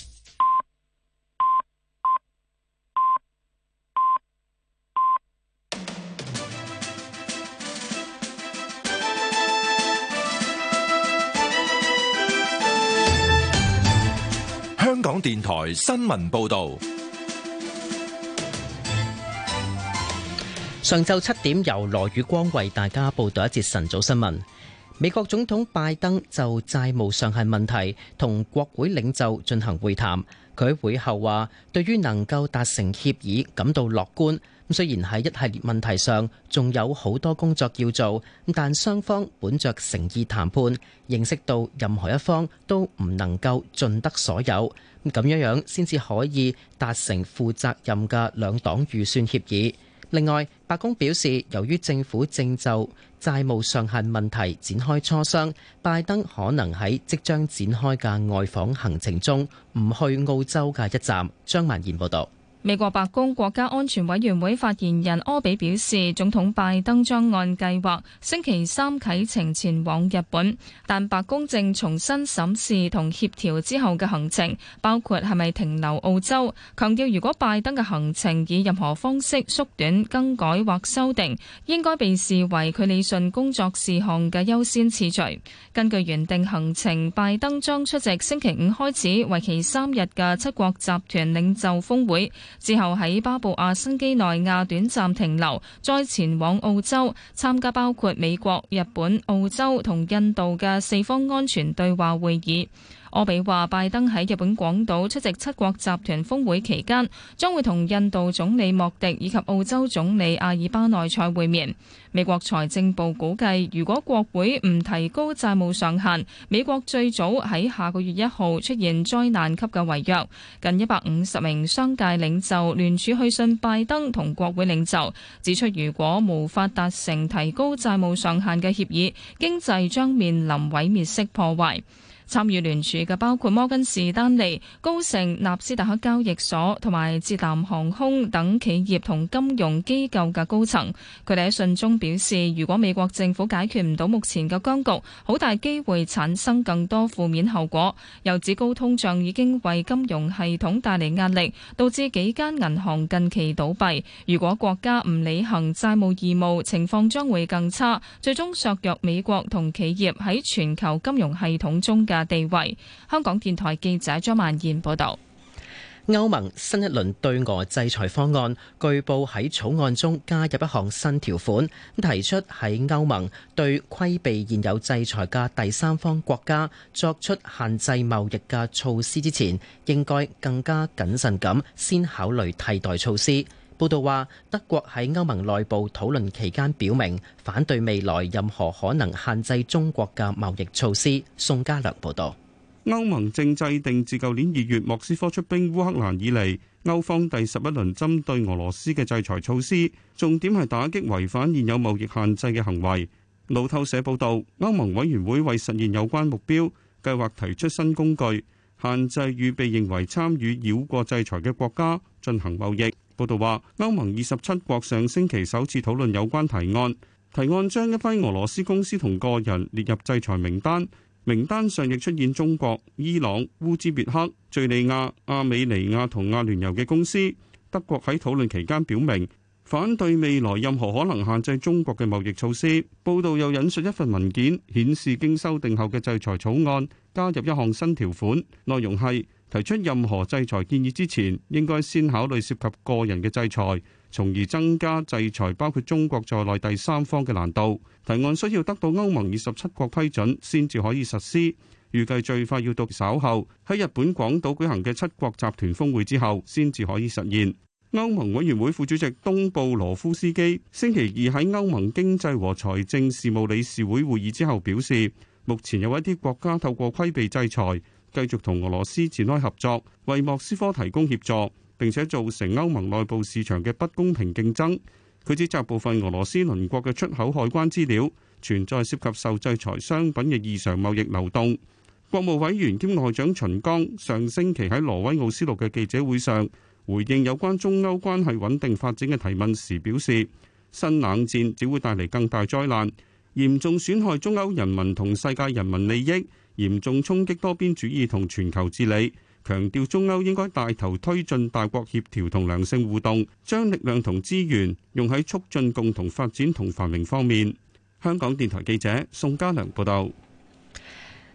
香港電台新聞報道，上晝七點由羅宇光為大家報道一節晨早新聞。美國總統拜登就債務上限問題同國會領袖進行會談，佢喺會後話對於能夠達成協議感到樂觀。雖然喺一系列問題上仲有好多工作要做，但雙方本着誠意談判，認識到任何一方都唔能夠盡得所有，咁樣樣先至可以達成負責任嘅兩黨預算協議。另外，白宮表示，由於政府正就債務上限問題展開磋商，拜登可能喺即將展開嘅外訪行程中唔去澳洲嘅一站。張曼燕報道。美國白宮國家安全委員會發言人柯比表示，總統拜登將按計劃星期三啟程前往日本，但白宮正重新審視同協調之後嘅行程，包括係咪停留澳洲。強調如果拜登嘅行程以任何方式縮短、更改或修訂，應該被視為佢理順工作事項嘅優先次序。根據原定行程，拜登將出席星期五開始、為期三日嘅七國集團領袖峰會。之後喺巴布亞新畿內亞短暫停留，再前往澳洲參加包括美國、日本、澳洲同印度嘅四方安全對話會議。柯比話：拜登喺日本廣島出席七國集團峰會期間，將會同印度總理莫迪以及澳洲總理阿爾巴內塞會面。美國財政部估計，如果國會唔提高債務上限，美國最早喺下個月一號出現災難級嘅違約。近一百五十名商界領袖聯署去信拜登同國會領袖，指出如果無法達成提高債務上限嘅協議，經濟將面臨毀滅式破壞。參與聯署嘅包括摩根士丹利、高盛、納斯達克交易所同埋捷藍航空等企業同金融機構嘅高層，佢哋喺信中表示，如果美國政府解決唔到目前嘅僵局，好大機會產生更多負面後果。又指高通脹已經為金融系統帶嚟壓力，導致幾間銀行近期倒閉。如果國家唔履行債務義務，情況將會更差，最終削弱美國同企業喺全球金融系統中嘅地位。香港電台記者張曼燕報道，歐盟新一輪對俄制裁方案據報喺草案中加入一項新條款，提出喺歐盟對規避現有制裁嘅第三方國家作出限制貿易嘅措施之前，應該更加謹慎咁先考慮替代措施。報道話，德國喺歐盟內部討論期間表明，反對未來任何可能限制中國嘅貿易措施。宋嘉良報道，歐盟正制定自舊年二月莫斯科出兵烏克蘭以嚟，歐方第十一輪針對俄羅斯嘅制裁措施，重點係打擊違反現有貿易限制嘅行為。路透社報道，歐盟委員會為實現有關目標，計劃提出新工具，限制與被認為參與繞過制裁嘅國家進行貿易。報道話，歐盟二十七國上星期首次討論有關提案，提案將一批俄羅斯公司同個人列入制裁名單，名單上亦出現中國、伊朗、烏茲別克、敘利亞、亞美尼亞同亞聯酋嘅公司。德國喺討論期間表明反對未來任何可能限制中國嘅貿易措施。報道又引述一份文件，顯示經修訂後嘅制裁草案加入一項新條款，內容係。提出任何制裁建議之前，應該先考慮涉及個人嘅制裁，從而增加制裁包括中國在內第三方嘅難度。提案需要得到歐盟二十七國批准先至可以實施，預計最快要到稍後喺日本廣島舉行嘅七國集團峰會之後先至可以實現。歐盟委員會副主席東布羅夫斯基星期二喺歐盟經濟和財政事務理事會會,會議之後表示，目前有一啲國家透過規避制裁。繼續同俄羅斯展開合作，為莫斯科提供協助，並且造成歐盟內部市場嘅不公平競爭。佢指責部分俄羅斯鄰國嘅出口海關資料存在涉及受制裁商品嘅異常貿易流動。國務委員兼外長秦剛上星期喺挪威奧斯陸嘅記者會上，回應有關中歐關係穩定發展嘅提問時表示：新冷戰只會帶嚟更大災難，嚴重損害中歐人民同世界人民利益。嚴重衝擊多邊主義同全球治理，強調中歐應該帶頭推進大國協調同良性互動，將力量同資源用喺促進共同發展同繁榮方面。香港電台記者宋家良報道。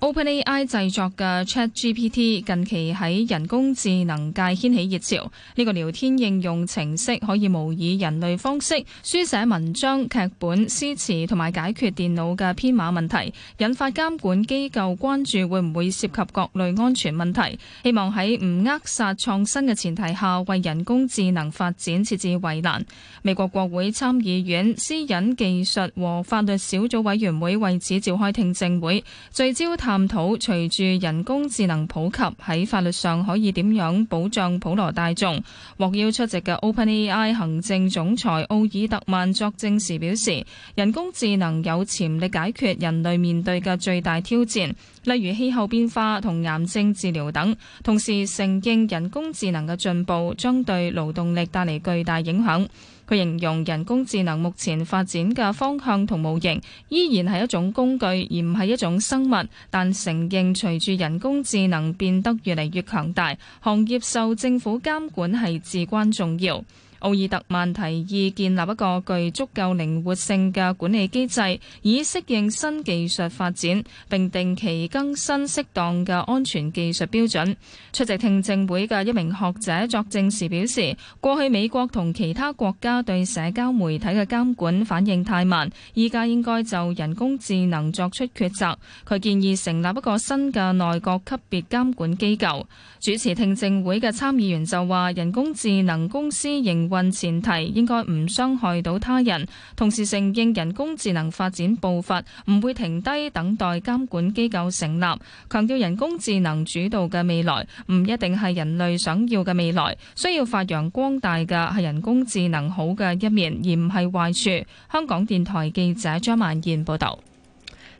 OpenAI 製作嘅 ChatGPT 近期喺人工智能界掀起熱潮。呢個聊天應用程式可以模擬人類方式書寫文章、劇本、詩詞同埋解決電腦嘅編碼問題，引發監管機構關注會唔會涉及各類安全問題。希望喺唔扼殺創新嘅前提下，為人工智能發展設置圍欄。美國國會參議院私隱技術和法律小組委員會為此召開聽證會，聚焦。探討隨住人工智能普及，喺法律上可以點樣保障普羅大眾。獲邀出席嘅 OpenAI 行政總裁奧爾特曼作證時表示，人工智能有潛力解決人類面對嘅最大挑戰，例如氣候變化同癌症治療等。同時承認人工智能嘅進步將對勞動力帶嚟巨大影響。佢形容人工智能目前發展嘅方向同模型，依然係一種工具，而唔係一種生物。但承認隨住人工智能變得越嚟越強大，行業受政府監管係至關重要。奧爾特曼提議建立一個具足夠靈活性嘅管理機制，以適應新技術發展，並定期更新適當嘅安全技術標準。出席聽證會嘅一名學者作證時表示，過去美國同其他國家對社交媒體嘅監管反應太慢，依家應該就人工智能作出抉擇。佢建議成立一個新嘅內閣級別監管機構。主持聽證會嘅參議員就話，人工智能公司仍。運前提應該唔傷害到他人，同時承認人工智能發展步伐唔會停低，等待監管機構成立。強調人工智能主導嘅未來唔一定係人類想要嘅未來，需要發揚光大嘅係人工智能好嘅一面，而唔係壞處。香港電台記者張萬燕報道。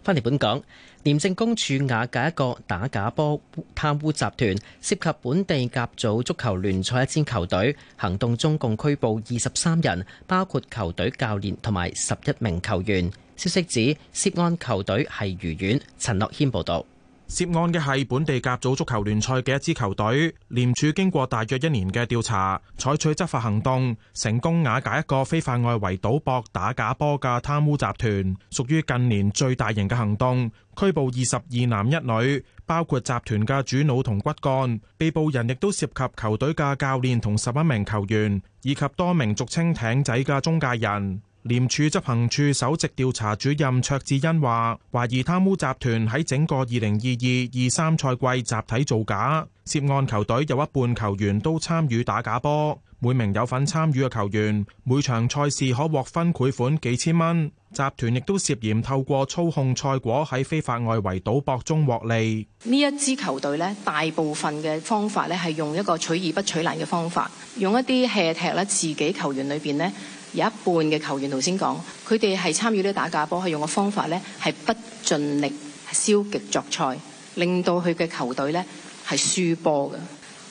翻嚟本港。廉政公署瓦解一個打假波貪污集團，涉及本地甲組足球聯賽一支球隊。行動中共拘捕二十三人，包括球隊教練同埋十一名球員，消息指涉案球隊係愉園。陳樂謙報道。涉案嘅係本地甲組足球聯賽嘅一支球隊，廉署經過大約一年嘅調查，採取執法行動，成功瓦解一個非法外圍賭博打假波嘅貪污集團，屬於近年最大型嘅行動。拘捕二十二男一女，包括集團嘅主腦同骨幹，被捕人亦都涉及球隊嘅教練同十一名球員，以及多名俗稱艇仔嘅中介人。廉署執行處首席調查主任卓志恩話，懷疑貪污集團喺整個二零二二、二三賽季集體造假，涉案球隊有一半球員都參與打假波，每名有份參與嘅球員，每場賽事可獲分賄款幾千蚊。集團亦都涉嫌透過操控賽果喺非法外圍賭博中獲利。呢一支球隊呢，大部分嘅方法咧係用一個取易不取難嘅方法，用一啲 hea 踢自己球員裏面呢。有一半嘅球員才說，頭先講，佢哋係參與啲打假波，佢用嘅方法咧係不盡力、消極作賽，令到佢嘅球隊咧係輸波。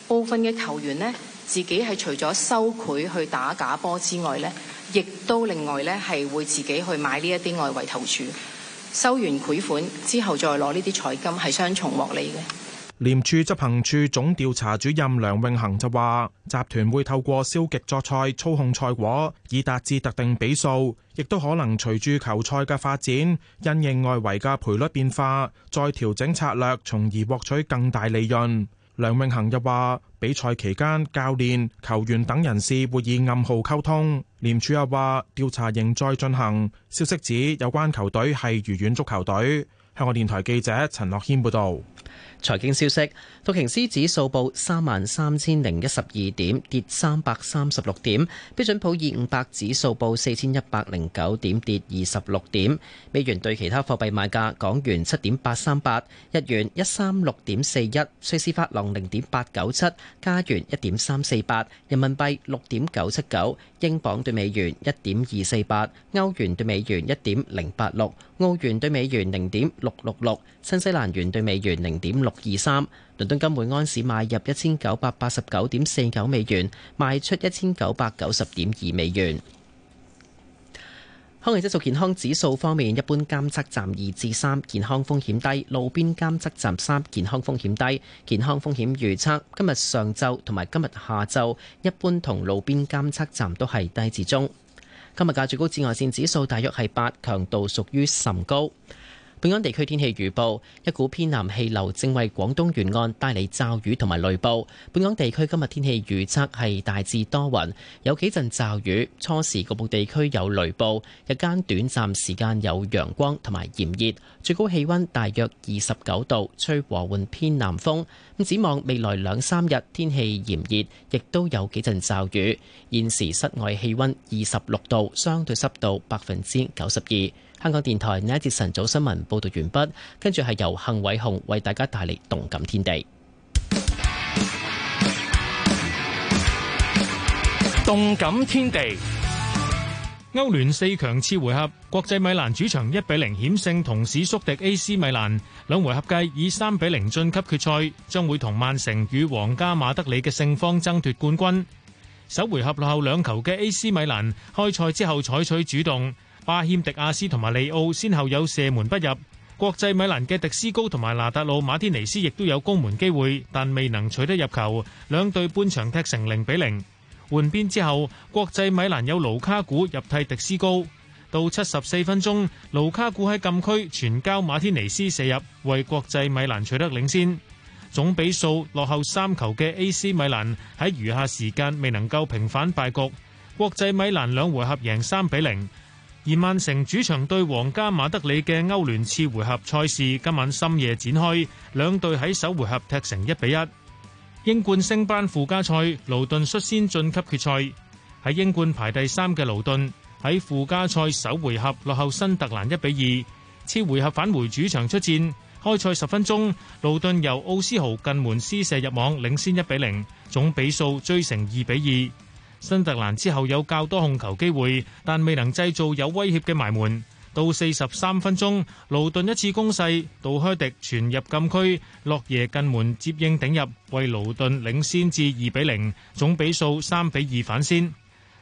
部分嘅球員呢，自己係除咗收賄去打假波之外也亦都另外會係會自己去買呢一啲外圍投注，收完賄款之後再攞呢啲彩金，係雙重獲利嘅。廉署執行處總調查主任梁永恆就話：集團會透過消極作賽操控賽果，以達至特定比數；亦都可能隨住球賽嘅發展，因應外圍嘅賠率變化，再調整策略，從而獲取更大利潤。梁永恆又話：比賽期間，教練、球員等人士會以暗號溝通。廉署又話調查仍在進行。消息指有關球隊係愉園足球隊。香港電台記者陳樂軒報導。財經消息：道瓊斯指數報三萬三千零一十二點，跌三百三十六點；標準普爾五百指數報四千一百零九點，跌二十六點。美元對其他貨幣賣價：港元七點八三八，日元一三六點四一，瑞士法郎零點八九七，加元一點三四八，人民幣六點九七九，英鎊對美元一點二四八，歐元對美元一點零八六，澳元對美元零點六六六，新西蘭元對美元零點點六二三，倫敦金每安士買入一千九百八十九點四九美元，賣出一千九百九十點二美元。空氣質素健康指數方面，一般監測站二至三，健康風險低；路邊監測站三，健康風險低。健康風險預測今日上晝同埋今日下晝，一般同路邊監測站都係低至中。今日價最高紫外線指數大約係八，強度屬於甚高。本港地區天氣預報，一股偏南氣流正為廣東沿岸帶嚟驟雨同埋雷暴。本港地區今日天氣預測係大致多雲，有幾陣驟雨。初時局部地區有雷暴，日間短暫時間有陽光同埋炎熱，最高氣温大約二十九度，吹和緩偏南風。咁展望未來兩三日天氣炎熱，亦都有幾陣驟雨。現時室外氣温二十六度，相對濕度百分之九十二。香港電台呢一節晨早新聞報道完畢，跟住係由幸偉雄為大家帶嚟動感天地。動感天地，歐聯四強次回合，國際米蘭主場一比零險勝同市宿敵 AC 米蘭，兩回合計以三比零晉級決賽，將會同曼城與皇家馬德里嘅勝方爭奪冠軍。首回合落後兩球嘅 AC 米蘭，開賽之後採取主動。巴謙迪亞斯同埋利奧先後有射門不入，國際米蘭嘅迪斯高同埋拿達路馬天尼斯亦都有攻門機會，但未能取得入球。兩隊半場踢成零比零。換邊之後，國際米蘭有盧卡古入替迪斯高。到七十四分鐘，盧卡古喺禁區傳交馬天尼斯射入，為國際米蘭取得領先。總比數落後三球嘅 AC 米蘭喺餘下時間未能夠平反敗局。國際米蘭兩回合贏三比零。而曼城主場對皇家馬德里嘅歐聯次回合賽事今晚深夜展開，兩隊喺首回合踢成一比一。英冠升班附加賽，盧頓率先晉級決賽。喺英冠排第三嘅盧頓喺附加賽首回合落後新特蘭一比二，次回合返回主場出戰，開賽十分鐘，盧頓由奧斯豪近門施射入網，領先一比零，總比數追成二比二。新特蘭之後有較多控球機會，但未能製造有威脅嘅埋門。到四十三分鐘，盧頓一次攻勢，杜呵迪傳入禁區，洛爺近門接應頂入，為盧頓領先至二比零，總比數三比二反先。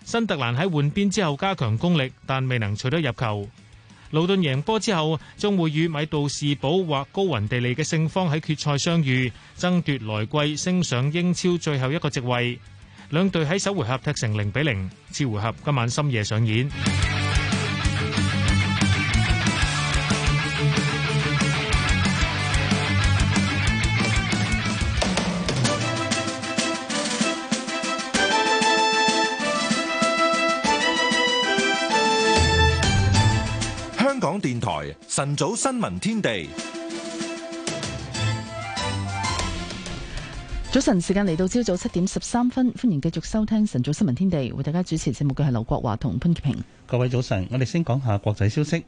新特蘭喺換邊之後加強攻力，但未能取得入球。盧頓贏波之後，將會與米杜士堡或高云地利嘅勝方喺決賽相遇，爭奪來季升上英超最後一個席位。兩隊喺首回合踢成零比零，次回合今晚深夜上演。香港電台晨早新聞天地。早晨時間嚟到，朝早七點十三分，歡迎繼續收聽晨早新聞天地。為大家主持節目嘅係劉國華同潘潔平。各位早晨，我哋先講下國際消息。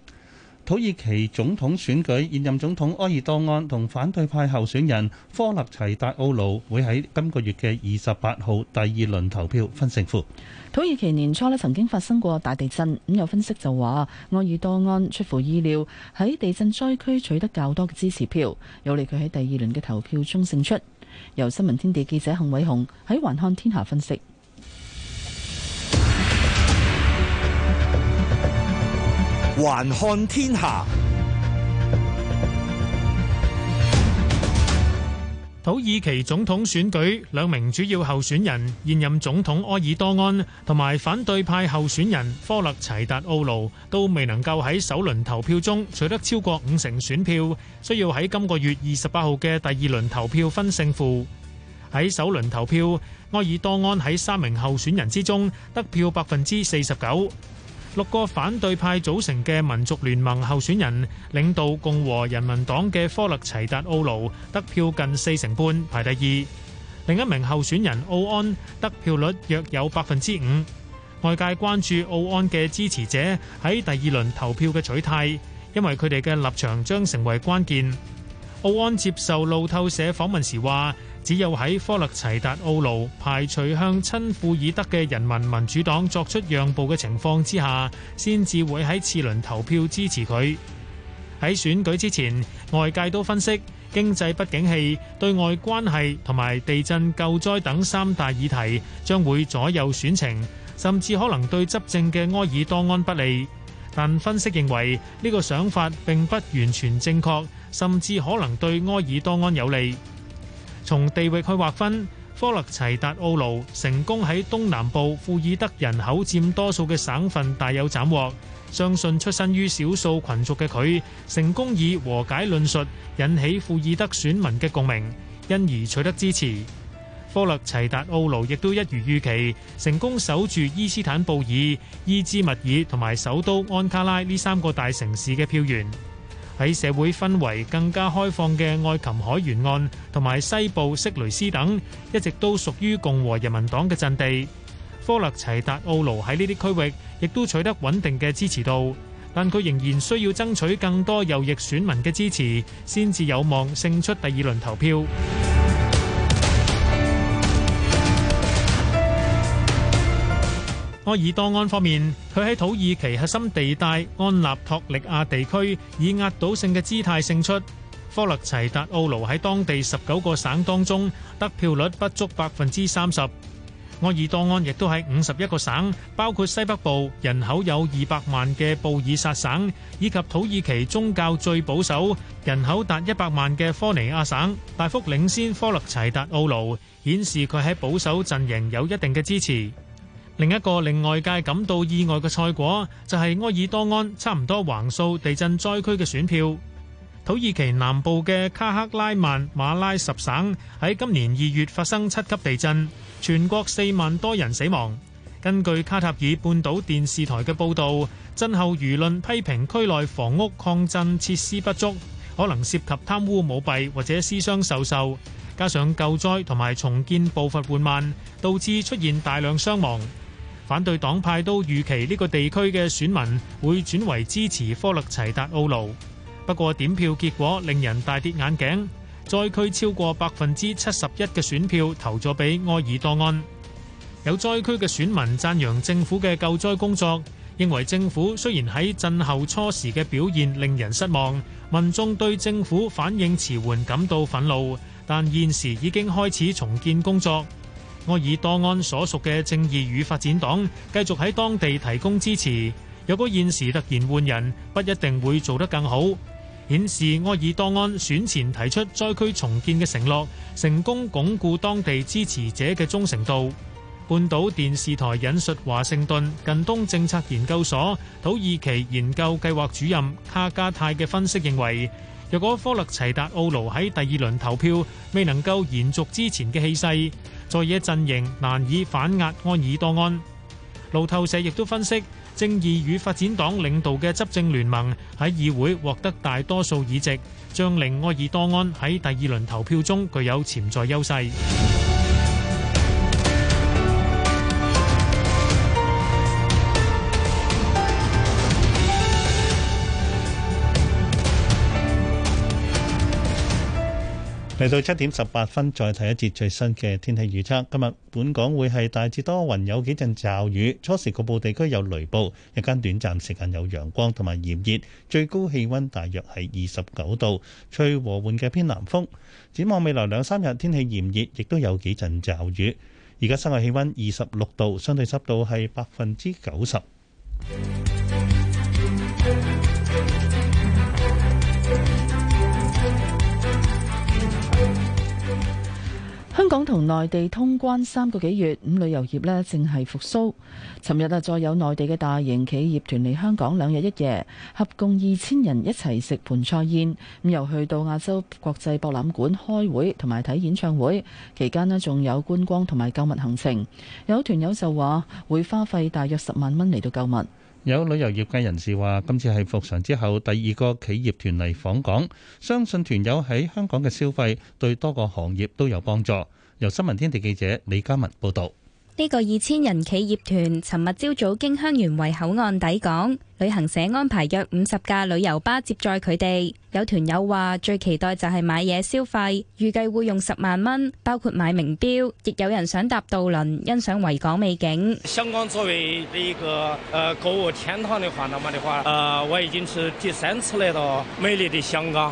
土耳其總統選舉，現任總統埃爾多安同反對派候選人科勒齊達奧魯會喺今個月嘅二十八號第二輪投票分勝負。土耳其年初呢曾經發生過大地震，咁有分析就話埃爾多安出乎意料喺地震災區取得較多嘅支持票，有利佢喺第二輪嘅投票中勝出。由新聞天地記者幸偉雄喺《橫看天下》分析，《橫看天下》。土耳其總統選舉，兩名主要候選人，現任總統埃爾多安同埋反對派候選人科勒齊達奧魯都未能夠喺首輪投票中取得超過五成選票，需要喺今個月二十八號嘅第二輪投票分勝負。喺首輪投票，埃爾多安喺三名候選人之中得票百分之四十九。六個反對派組成嘅民族聯盟候選人領導共和人民黨嘅科勒齊達奧盧得票近四成半，排第二。另一名候選人奧安得票率約有百分之五。外界關注奧安嘅支持者喺第二輪投票嘅取態，因為佢哋嘅立場將成為關鍵。奧安接受路透社訪問時話。只有喺科勒齊達奧盧排除向親庫爾德嘅人民民主黨作出讓步嘅情況之下，先至會喺次輪投票支持佢。喺選舉之前，外界都分析經濟不景氣、對外關係同埋地震救災等三大議題將會左右選情，甚至可能對執政嘅埃爾多安不利。但分析認為呢個想法並不完全正確，甚至可能對埃爾多安有利。從地域去劃分，科勒齊達奧盧成功喺東南部庫爾德人口佔多數嘅省份大有斬獲。相信出身於少數群族嘅佢，成功以和解論述引起庫爾德選民嘅共鳴，因而取得支持。科勒齊達奧盧亦都一如預期，成功守住伊斯坦布爾、伊茲密爾同埋首都安卡拉呢三個大城市嘅票源。喺社會氛圍更加開放嘅愛琴海沿岸同埋西部色雷斯等，一直都屬於共和人民黨嘅陣地。科勒齊達奧盧喺呢啲區域亦都取得穩定嘅支持度，但佢仍然需要爭取更多右翼選民嘅支持，先至有望勝出第二輪投票。埃爾多安方面，佢喺土耳其核心地帶安納托利亞地區以壓倒性嘅姿態勝出。科勒齊達奧盧喺當地十九個省當中得票率不足百分之三十。埃爾多安亦都喺五十一個省，包括西北部人口有二百萬嘅布爾薩省，以及土耳其宗教最保守、人口達一百萬嘅科尼亞省，大幅領先科勒齊達奧盧，顯示佢喺保守陣營有一定嘅支持。另一個令外界感到意外嘅賽果就係埃爾多安差唔多橫掃地震災，災區嘅選票。土耳其南部嘅卡克拉曼馬拉什省喺今年二月發生七級地震，全國四萬多人死亡。根據卡塔爾半島電視台嘅報道，震後輿論批評區內房屋抗震設施不足，可能涉及貪污舞弊或者私相授受。加上救災同埋重建步伐緩慢，導致出現大量傷亡。反對黨派都預期呢個地區嘅選民會轉為支持科勒齊達奧盧，不過點票結果令人大跌眼鏡，災區超過百分之七十一嘅選票投咗俾埃爾多安。有災區嘅選民讚揚政府嘅救災工作，認為政府雖然喺震後初時嘅表現令人失望，民眾對政府反應遲緩感到憤怒，但現時已經開始重建工作。埃爾多安所屬嘅正義與發展黨繼續喺當地提供支持。若果現時突然換人，不一定會做得更好，顯示埃爾多安選前提出災區重建嘅承諾成功鞏固當地支持者嘅忠誠度。半島電視台引述華盛頓近東政策研究所土耳其研究計劃主任卡加泰嘅分析認為，若果科勒齊達奧盧喺第二輪投票未能夠延續之前嘅氣勢。在野陣營難以反壓埃爾多安。路透社亦都分析，正義與發展黨領導嘅執政聯盟喺議會獲得大多數議席，將令埃爾多安喺第二輪投票中具有潛在優勢。嚟到七點十八分，再睇一節最新嘅天氣預測。今日本港會係大致多雲，有幾陣驟雨，初時局部地區有雷暴，日間短暫時間有陽光，同埋炎熱，最高氣溫大約係二十九度，吹和緩嘅偏南風。展望未來兩三日，天氣炎熱，亦都有幾陣驟雨。而家室外氣溫二十六度，相對濕度係百分之九十。香港同內地通關三個幾月，咁旅遊業呢正係復甦。尋日啊，再有內地嘅大型企業團嚟香港兩日一夜，合共二千人一齊食盆菜宴，咁又去到亞洲國際博覽館開會同埋睇演唱會，期間呢仲有觀光同埋購物行程。有團友就話會花費大約十萬蚊嚟到購物。有旅遊業界人士話：今次係復常之後第二個企業團嚟訪港，相信團友喺香港嘅消費對多個行業都有幫助。由新聞天地記者李嘉文報道。呢、這個二千人企業團尋日朝早經香園圍口岸抵港，旅行社安排約五十架旅遊巴接載佢哋。有團友話最期待就係買嘢消費，預計會用十萬蚊，包括買名表，亦有人想搭渡輪欣賞維港美景。香港作為一個購物天、呃、堂的話、那麼的話、呃、我已經是第三次來到美麗的香港。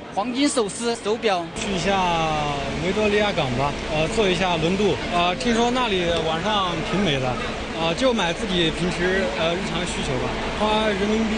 黃金首飾、手表，去一下維多利亞港吧，呃、啊，坐一下輪渡，啊，聽說那裏晚上挺美的，啊，就買自己平時，呃，日常需求吧，花人民幣，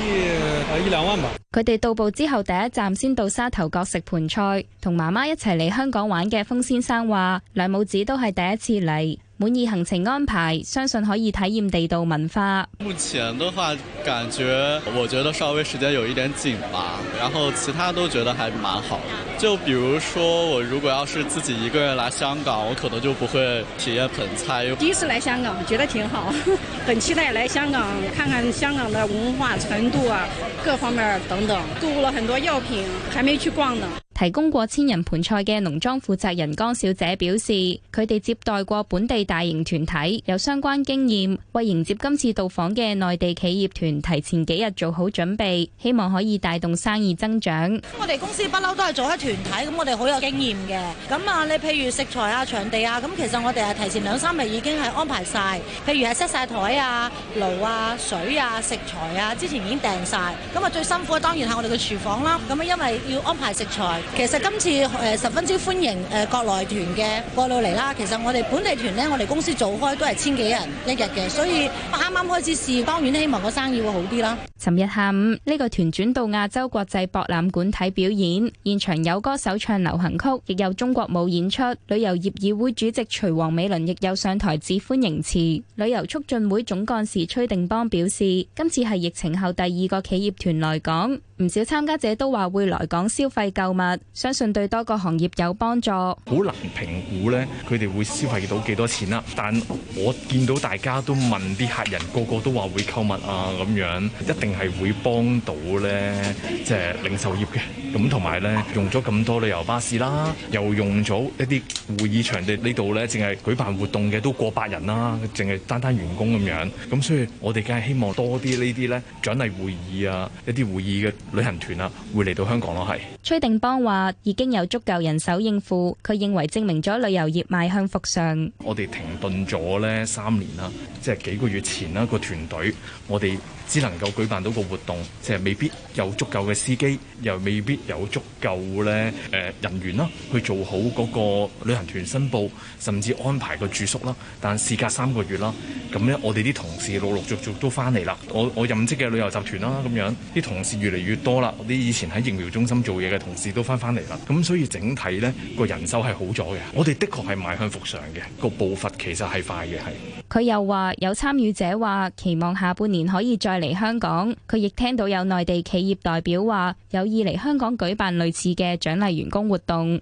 呃，一兩萬吧。佢哋到埗之後，第一站先到沙頭角食盆菜，同媽媽一齊嚟香港玩嘅封先生話，兩母子都係第一次嚟。滿意行程安排，相信可以體驗地道文化。目前的話，感覺我覺得稍微時間有一點緊吧，然後其他都覺得還蠻好的。就比如說，我如果要是自己一個人來香港，我可能就不會體驗盆菜。第一次來香港，我覺得挺好， 很期待來香港看看香港的文化程度啊，各方面等等。購物了很多藥品，還沒去逛呢。提供過千人盆菜嘅農莊負責人江小姐表示：佢哋接待過本地大型團體，有相關經驗，為迎接今次到訪嘅內地企業團，提前幾日做好準備，希望可以帶動生意增長我們。我哋公司不嬲都係做開團體，咁我哋好有經驗嘅。咁啊，你譬如食材啊、場地啊，咁其實我哋係提前兩三日已經係安排晒，譬如係 set 晒台啊、爐啊、水啊、食材啊，之前已經訂晒。咁啊，最辛苦當然係我哋嘅廚房啦。咁啊，因為要安排食材。其實今次十分之歡迎誒國內團嘅過到嚟啦。其實我哋本地團呢，我哋公司做開都係千幾人一日嘅，所以啱啱開始試，當然希望個生意會好啲啦。尋日下午，呢個團轉到亞洲國際博覽館睇表演，現場有歌手唱流行曲，亦有中國舞演出。旅遊業議會主席徐王美倫亦有上台致歡迎詞。旅遊促進會總幹事崔定邦表示，今次係疫情後第二個企業團來港。唔少參加者都話會來港消費購物，相信對多個行業有幫助。好難評估咧，佢哋會消費到幾多錢啦。但我見到大家都問啲客人，個個都話會購物啊咁樣，一定係會幫到咧，即係零售業嘅。咁同埋咧，用咗咁多旅遊巴士啦，又用咗一啲會議場地呢度咧，淨係舉辦活動嘅都過百人啦，淨係單單員工咁樣。咁所以，我哋梗係希望多啲呢啲咧獎勵會議啊，一啲會議嘅。旅行團啦，會嚟到香港咯，係。崔定邦話已經有足夠人手應付，佢認為證明咗旅遊業邁向復常。我哋停頓咗咧三年啦，即係幾個月前啦、個團隊，我哋只能夠舉辦到個活動，即係未必有足夠嘅司機，又未必有足夠咧誒人員啦，去做好嗰個旅行團申報，甚至安排個住宿啦。但事隔三個月啦，咁咧我哋啲同事陸陸續續都翻嚟啦。我我任職嘅旅遊集團啦，咁樣啲同事越嚟越越多啦，啲以前喺疫苗中心做嘢嘅同事都翻返嚟啦，咁所以整體呢，個人手係好咗嘅。我哋的確係邁向復常嘅，個步伐其實係快嘅。係，佢又話有參與者話期望下半年可以再嚟香港，佢亦聽到有內地企業代表話有意嚟香港舉辦類似嘅獎勵員工活動。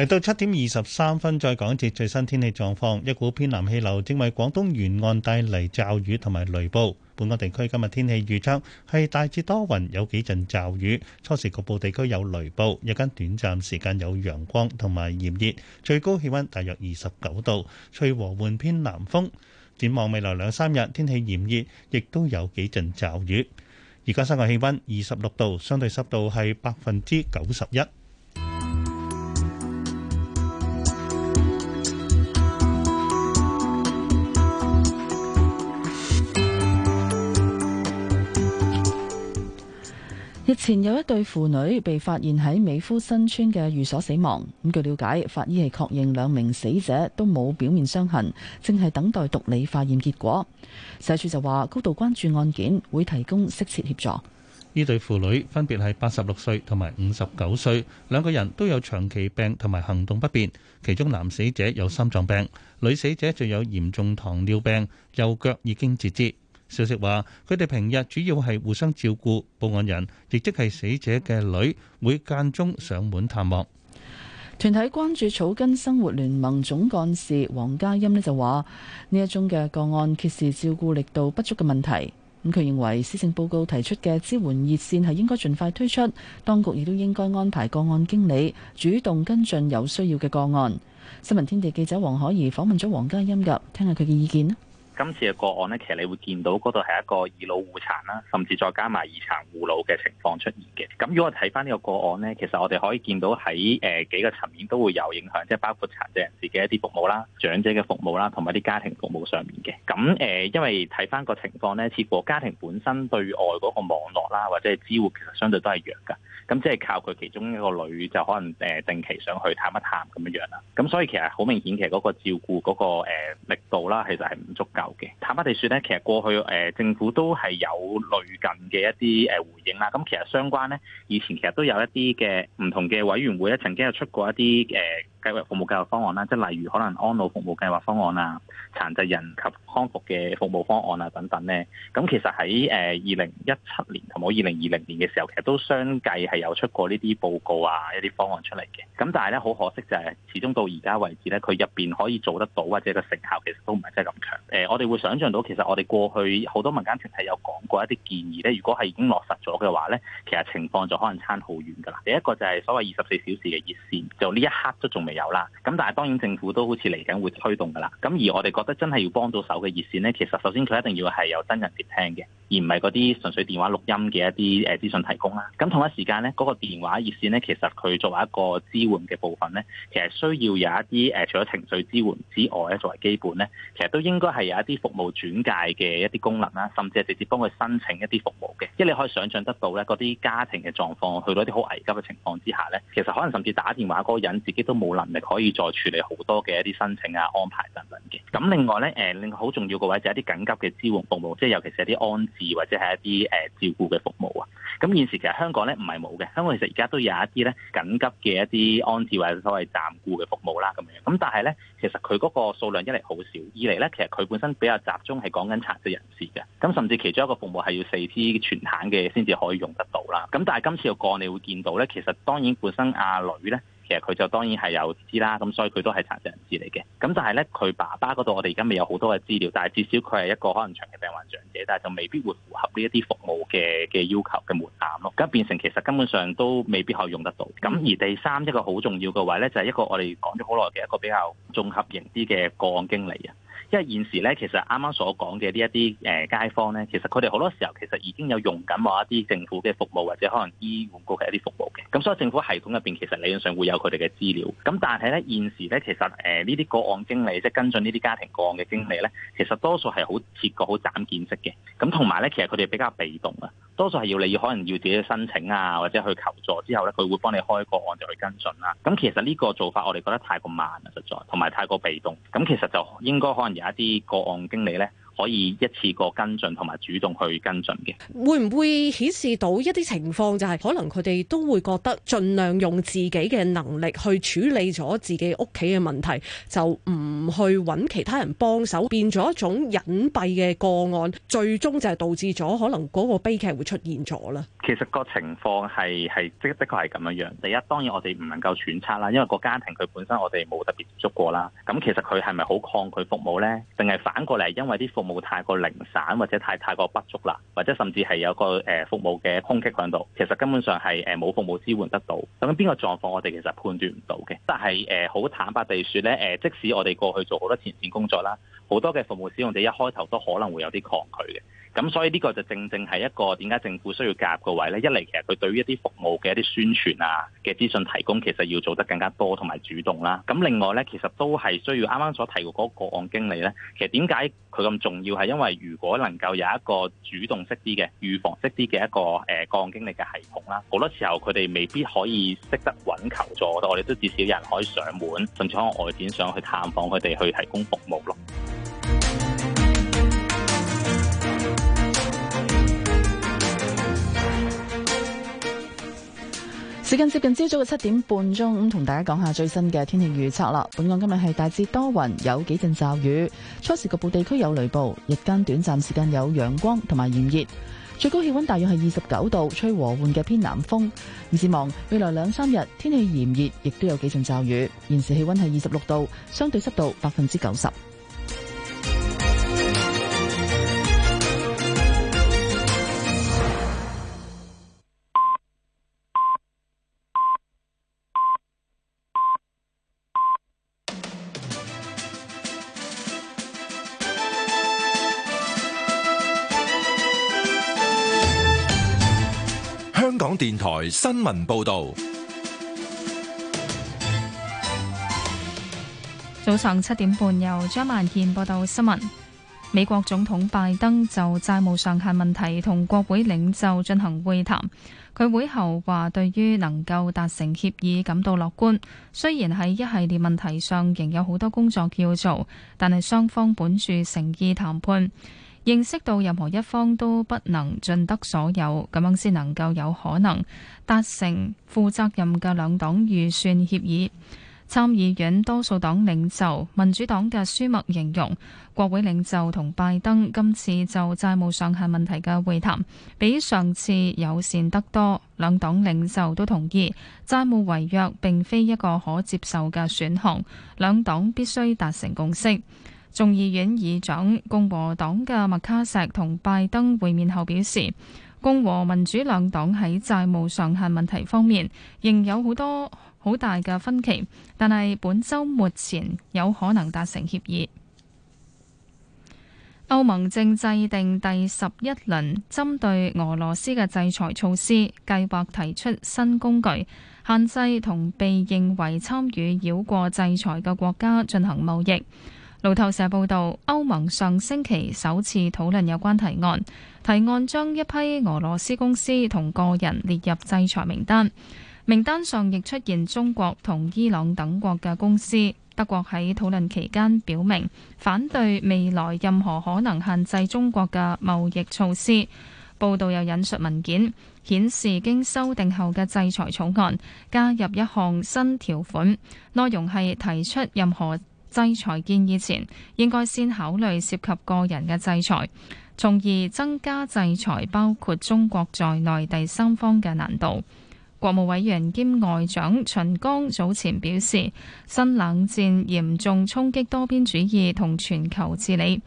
嚟到七點二十三分，再講一節最新天氣狀況。一股偏南氣流正為廣東沿岸帶嚟驟雨同埋雷暴。本港地區今日天氣預測係大致多雲，有幾陣驟雨，初時局部地區有雷暴，日間短暫時間有陽光同埋炎熱，最高氣溫大約二十九度，吹和緩偏南風。展望未來兩三日，天氣炎熱，亦都有幾陣驟雨。而家室外氣溫二十六度，相對濕度係百分之九十一。日前有一對父女被發現喺美孚新村嘅寓所死亡。咁據了解，法醫係確認兩名死者都冇表面傷痕，淨係等待毒理化驗結果。社署就話高度關注案件，會提供適切協助。呢對父女分別係八十六歲同埋五十九歲，兩個人都有長期病同埋行動不便。其中男死者有心臟病，女死者就有嚴重糖尿病，右腳已經截肢。消息話，佢哋平日主要係互相照顧，報案人亦即係死者嘅女，會間中上門探望。團體關注草根生活聯盟總幹事黃嘉欣呢就話：呢一宗嘅個案揭示照顧力度不足嘅問題。咁佢認為施政報告提出嘅支援熱線係應該盡快推出，當局亦都應該安排個案經理主動跟進有需要嘅個案。新聞天地記者黃可兒訪問咗黃嘉欣㗎，聽下佢嘅意見。今次嘅個案咧，其實你會見到嗰度係一個以老護殘啦，甚至再加埋以殘護老嘅情況出現嘅。咁如果睇翻呢個個案咧，其實我哋可以見到喺誒、呃、幾個層面都會有影響，即係包括殘疾人士嘅一啲服務啦、長者嘅服務啦，同埋啲家庭服務上面嘅。咁誒、呃，因為睇翻個情況咧，似乎家庭本身對外嗰個網絡啦，或者係支援，其實相對都係弱噶。咁即係靠佢其中一個女就可能定期上去探一探咁樣啦，咁所以其實好明顯，其實嗰個照顧嗰個力度啦，其實係唔足夠嘅。坦白地說咧，其實過去政府都係有類近嘅一啲回應啦。咁其實相關咧，以前其實都有一啲嘅唔同嘅委員會咧，曾經有出過一啲計劃服務計劃方案啦，即係例如可能安老服務計劃方案啊，殘疾人及康復嘅服務方案啊等等咧。咁其實喺誒二零一七年同埋二零二零年嘅時候，其實都相繼係有出過呢啲報告啊，一啲方案出嚟嘅。咁但係咧好可惜就係，始終到而家為止咧，佢入邊可以做得到或者個成效其實都唔係真係咁強。誒，我哋會想像到其實我哋過去好多民間團體有講過一啲建議咧，如果係已經落實咗嘅話咧，其實情況就可能差好遠㗎啦。第一個就係所謂二十四小時嘅熱線，就呢一刻都仲未有啦，咁但係當然政府都好似嚟緊會推動㗎喇，咁而我哋覺得真係要幫到手嘅熱線呢，其實首先佢一定要係有真人接聽嘅，而唔係嗰啲純粹電話錄音嘅一啲誒資訊提供啦。咁同一時間呢，嗰個電話熱線呢，其實佢作為一個支援嘅部分呢，其實需要有一啲誒，除咗情緒支援之外咧，作為基本呢，其實都應該係有一啲服務轉介嘅一啲功能啦，甚至係直接幫佢申請一啲服務嘅。因為你可以想像得到咧，嗰啲家庭嘅狀況去到一啲好危急嘅情況之下呢，其實可能甚至打電話嗰個人自己都冇。能力可以再處理好多嘅一啲申請啊、安排等等嘅。咁另外咧，誒，另好重要嘅位就係一啲緊急嘅支援服務，即係尤其是一啲安置或者係一啲誒、呃、照顧嘅服務啊。咁現時其實香港咧唔係冇嘅，香港其實而家都有一啲咧緊急嘅一啲安置或者所謂暫顧嘅服務啦咁樣。咁但係咧，其實佢嗰個數量一嚟好少，二嚟咧其實佢本身比較集中係講緊殘疾人士嘅。咁甚至其中一個服務係要四肢全癱嘅先至可以用得到啦。咁但係今次嘅個案你會見到咧，其實當然本身阿女咧。其實佢就當然係有知啦，咁所以佢都係殘疾人士嚟嘅。咁但係呢，佢爸爸嗰度我哋而家未有好多嘅資料，但係至少佢係一個可能長期病患長者，但係就未必會符合呢一啲服務嘅嘅要求嘅門檻咯。咁變成其實根本上都未必可以用得到。咁而第三一個好重要嘅位呢，就係、是、一個我哋講咗好耐嘅一個比較綜合型啲嘅個案經理。啊。即係現時咧，其實啱啱所講嘅呢一啲誒、呃、街坊咧，其實佢哋好多時候其實已經有用緊某一啲政府嘅服務或者可能醫管局嘅一啲服務嘅，咁所以政府系統入邊其實理論上會有佢哋嘅資料。咁但係咧現時咧，其實誒呢啲個案經理即係跟進呢啲家庭個案嘅經理咧，其實多數係好切割好斬件式嘅。咁同埋咧，其實佢哋比較被動啊，多數係要你要可能要自己申請啊，或者去求助之後咧，佢會幫你開個案就去跟進啦、啊。咁其實呢個做法我哋覺得太過慢啊，實在同埋太過被動。咁其實就應該可能。有一啲個案經理咧，可以一次過跟進同埋主動去跟進嘅，會唔會顯示到一啲情況就係可能佢哋都會覺得盡量用自己嘅能力去處理咗自己屋企嘅問題，就唔去揾其他人幫手，變咗一種隱蔽嘅個案，最終就係導致咗可能嗰個悲劇會出現咗啦。其實個情況，係係即係的確係咁樣樣，第一當然我哋唔能夠揣測啦，因為個家庭佢本身我哋冇特別接觸過啦。咁其實佢係咪好抗拒服務咧？定係反過嚟因為啲服務。冇太過零散或者太太過不足啦，或者甚至係有一個誒、呃、服務嘅空隙喺度，其實根本上係誒冇服務支援得到。咁邊個狀況我哋其實判斷唔到嘅。但係誒好坦白地說咧，誒、呃、即使我哋過去做好多前線工作啦。好多嘅服務使用者一開頭都可能會有啲抗拒嘅，咁所以呢個就正正係一個點解政府需要夾個位呢，一嚟其實佢對於一啲服務嘅一啲宣傳啊、嘅資訊提供，其實要做得更加多同埋主動啦。咁另外呢，其實都係需要啱啱所提過嗰個案經理呢。其實點解佢咁重要係因為如果能夠有一個主動式啲嘅預防式啲嘅一個誒個案經理嘅系統啦，好多時候佢哋未必可以識得揾求助，我哋都至少有人可以上門，甚至可能外展上去探訪佢哋去提供服務咯。時間接近朝早嘅七點半鐘，同大家講下最新嘅天氣預測啦。本港今日係大致多雲，有幾陣驟雨。初時局部地區有雷暴，日間短暫時間有陽光同埋炎熱，最高氣温大約係二十九度，吹和緩嘅偏南風。而展望未來兩三日天，天氣炎熱，亦都有幾陣驟雨。現時氣温係二十六度，相對濕度百分之九十。電台新聞報道，早上七點半由張萬健報道新聞。美國總統拜登就債務上限問題同國會領袖進行會談，佢會後話對於能夠達成協議感到樂觀，雖然喺一系列問題上仍有好多工作要做，但係雙方本住誠意談判，認識到任何一方都不能盡得所有，咁樣先能夠有可能達成負責任嘅兩黨預算協議。參議院多數黨領袖、民主黨嘅舒默形容，國會領袖同拜登今次就債務上限問題嘅會談，比上次友善得多。兩黨領袖都同意，債務違約並非一個可接受嘅選項，兩黨必須達成共識。眾議院議長共和黨嘅麥卡錫同拜登會面後表示，共和民主兩黨喺債務上限問題方面仍有好多好大嘅分歧，但係本周末前有可能達成協議。歐盟正制定第十一輪針對俄羅斯嘅制裁措施，計劃提出新工具，限制同被認為參與繞過制裁嘅國家進行貿易。路透社報道，歐盟上星期首次討論有關提案，提案將一批俄羅斯公司同個人列入制裁名單，名單上亦出現中國同伊朗等國嘅公司。德國喺討論期間表明反對未來任何可能限制中國嘅貿易措施。報道有引述文件顯示，經修訂後嘅制裁草案加入一項新條款，內容係提出任何。制裁建議前，應該先考慮涉及個人嘅制裁，從而增加制裁包括中國在內第三方嘅難度。國務委員兼外長秦剛早前表示，新冷戰嚴重衝擊多邊主義同全球治理，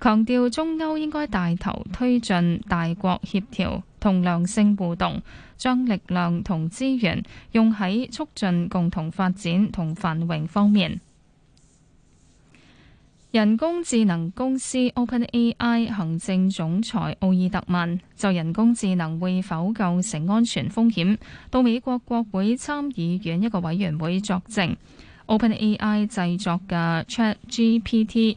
強調中歐應該帶頭推進大國協調同良性互動，將力量同資源用喺促進共同發展同繁榮方面。人工智能公司 OpenAI 行政總裁奧爾特曼就人工智能會否構成安全風險，到美國國會參議院一個委員會作證。OpenAI 製作嘅 ChatGPT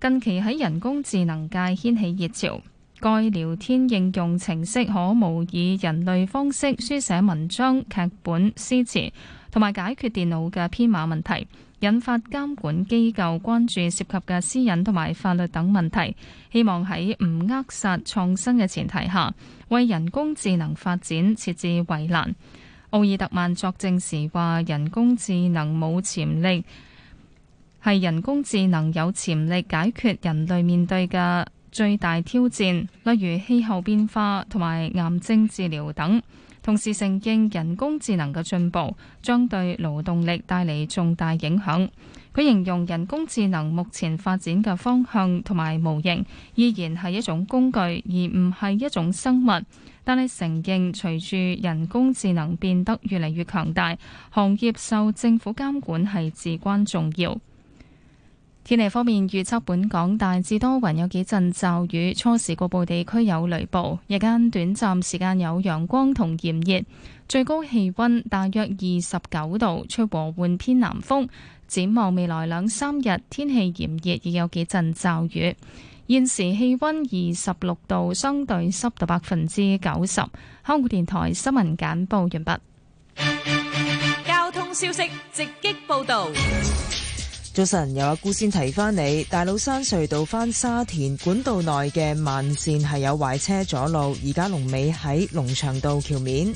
近期喺人工智能界掀起熱潮，該聊天應用程式可模擬人類方式書寫文章、劇本詩詞、詩詞，同埋解決電腦嘅編碼問題。引發監管機構關注涉及嘅私隱同埋法律等問題，希望喺唔扼殺創新嘅前提下，為人工智能發展設置圍欄。奧爾特曼作證時話：人工智能冇潛力，係人工智能有潛力解決人類面對嘅最大挑戰，例如氣候變化同埋癌症治療等。同時承認人工智能嘅進步將對勞動力帶嚟重大影響。佢形容人工智能目前發展嘅方向同埋模型，依然係一種工具，而唔係一種生物。但係承認隨住人工智能變得越嚟越強大，行業受政府監管係至關重要。天氣方面，預測本港大致多雲，有幾陣驟雨，初時局部地區有雷暴，日間短暫時間有陽光同炎熱，最高氣溫大約二十九度，吹和緩偏南風。展望未來兩三日，天氣炎熱，亦有幾陣驟雨。現時氣溫二十六度，相對濕度百分之九十。香港電台新聞簡報完畢。交通消息直擊報道。早晨，有阿姑先提翻你，大老山隧道返沙田管道內嘅慢線係有壞車阻路，而家龍尾喺龍翔道橋面。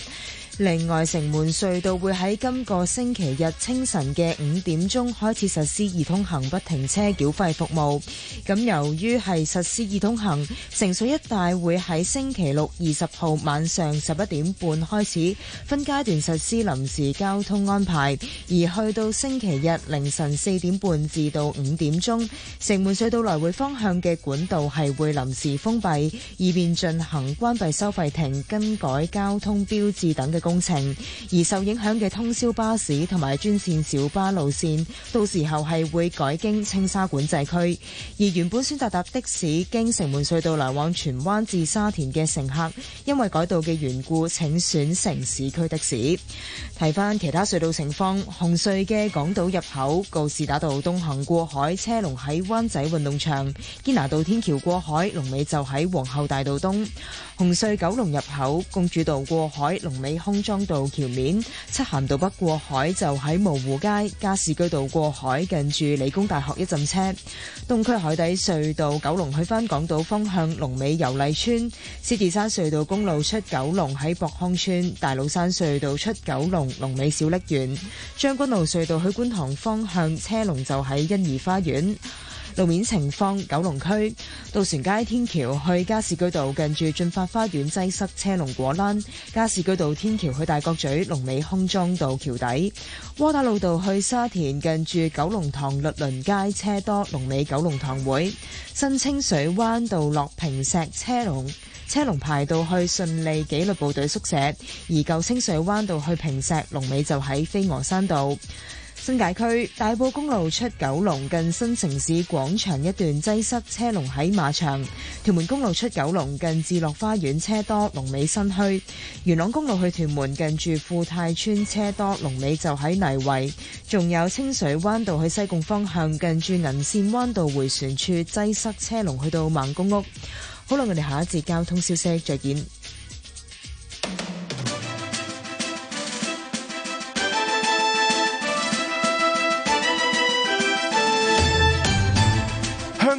另外，城門隧道會喺今個星期日清晨嘅五點鐘開始實施易通行不停車繳費服務。咁由於係實施易通行，城隧一帶會喺星期六二十號晚上十一點半開始分階段實施臨時交通安排，而去到星期日凌晨四點半至到五點鐘，城門隧道來回方向嘅管道係會臨時封閉，以便進行關閉收費亭、更改交通標誌等嘅工。工程而受影響嘅通宵巴士同埋專線小巴路線，到時候係會改經青沙管制區。而原本選擇搭的士經城門隧道來往荃灣至沙田嘅乘客，因為改道嘅緣故，請選城市區的士。睇翻其他隧道情況，紅隧嘅港島入口告士打道東行過海車龍喺灣仔運動場，堅拿道天橋過海龍尾就喺皇后大道東。紅隧九龍入口公主道過海龍尾。康莊道橋面、漆咸道北過海就喺蕪湖街、加士居道過海近住理工大學一陣車；東區海底隧道九龍去返港島方向龍尾油麗邨；獅子山隧道公路出九龍喺博康邨；大老山隧道出九龍龍尾小瀝源；將軍澳隧道去觀塘方向車龍就喺欣怡花園。路面情況，九龍區渡船街天橋去加士居道近住進發花園擠塞車龍果欄；加士居道天橋去大角咀龍尾康莊道橋底；窩打老道去沙田近住九龍塘律倫街車多龍尾九龍塘會；新清水灣道落坪石車龍，車龍排到去順利紀律部隊宿舍；而舊清水灣道去坪石龍尾就喺飛鵝山道。新界區大埔公路出九龍近新城市廣場一段擠塞車龍喺馬場，屯門公路出九龍近智樂花園車多龍尾新墟，元朗公路去屯門近住富泰村，車多龍尾就喺泥圍，仲有清水灣道去西貢方向近住銀線灣道回旋處擠塞車龍去到孟公屋。好啦，我哋下一節交通消息再見。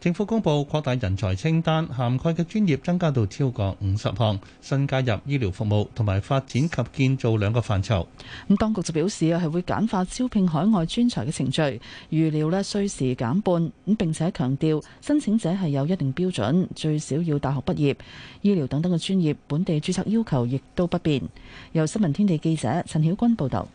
政府公布擴大人才清單，涵蓋嘅專業增加到超過五十項，新加入醫療服務同埋發展及建造兩個範疇。咁當局就表示啊，係會簡化招聘海外專才嘅程序，預料呢需時減半。咁並且強調申請者係有一定標準，最少要大學畢業、醫療等等嘅專業，本地註冊要求亦都不變。由新聞天地記者陳曉君報導。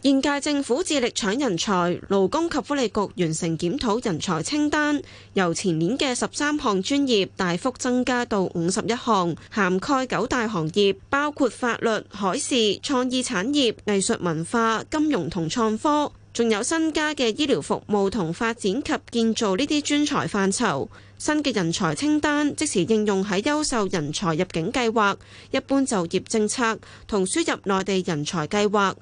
現屆政府致力搶人才，勞工及福利局完成檢討人才清單，由前年嘅十三項專業大幅增加到五十一項，涵蓋九大行業，包括法律、海事、創意產業、藝術文化、金融同創科，仲有新加嘅醫療服務同發展及建造呢啲專才範疇。新嘅人才清單即時應用喺優秀人才入境計劃、一般就業政策同輸入內地人才計劃。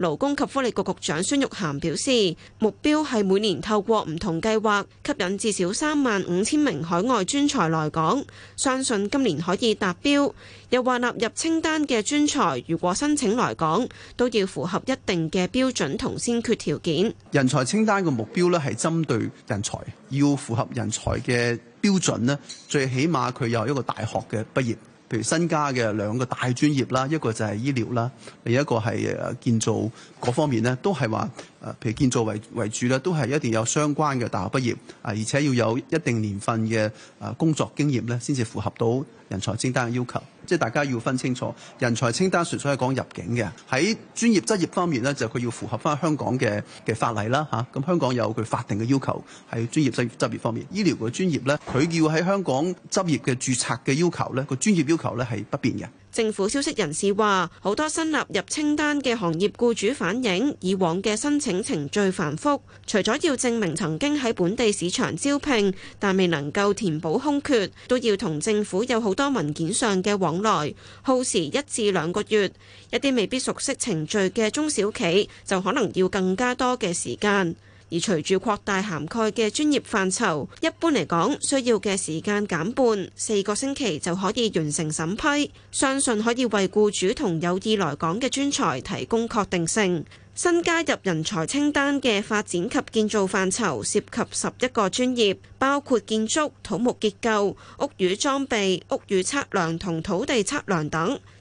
勞工及福利局局長孫玉菡表示，目標係每年透過唔同計劃吸引至少三萬五千名海外專才來港，相信今年可以達標。又話納入清單嘅專才，如果申請來港，都要符合一定嘅標準同先決條件。人才清單嘅目標咧，係針對人才，要符合人才嘅標準呢，最起碼佢有一個大學嘅畢業。譬如新加的兩個大專業啦，一個就是醫療啦，另一個是建造嗰方面呢，都是說誒，譬如建造為為主咧，都係一定有相關嘅大學畢業啊，而且要有一定年份嘅誒工作經驗咧，先至符合到人才清單嘅要求。即係大家要分清楚，人才清單純粹係講入境嘅。喺專業執業方面咧，就佢要符合翻香港嘅嘅法例啦嚇。咁香港有佢法定嘅要求喺專業執業執業方面，醫療嘅專業咧，佢要喺香港執業嘅註冊嘅要求咧，個專業要求咧係不變嘅。政府消息人士話，好多新納入清單嘅行業僱主反映，以往嘅申請程序繁複，除咗要證明曾經喺本地市場招聘，但未能夠填補空缺，都要同政府有好多文件上嘅往來，耗時一至兩個月。一啲未必熟悉程序嘅中小企，就可能要更加多嘅時間。而隨住擴大涵蓋嘅專業範疇，一般嚟講需要嘅時間減半，四個星期就可以完成審批，相信可以為僱主同有意來港嘅專才提供確定性。新加入人才清單嘅發展及建造範疇涉及十一個專業，包括建築、土木結構、屋宇裝備、屋宇測量同土地測量等。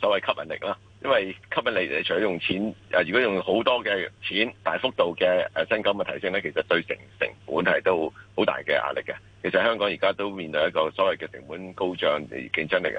所謂吸引力啦，因為吸引力就除咗用錢，如果用好多嘅錢大幅度嘅誒薪金嘅提升咧，其實對成成本係都好大嘅壓力嘅。其實香港而家都面對一個所謂嘅成本高漲、競爭力誒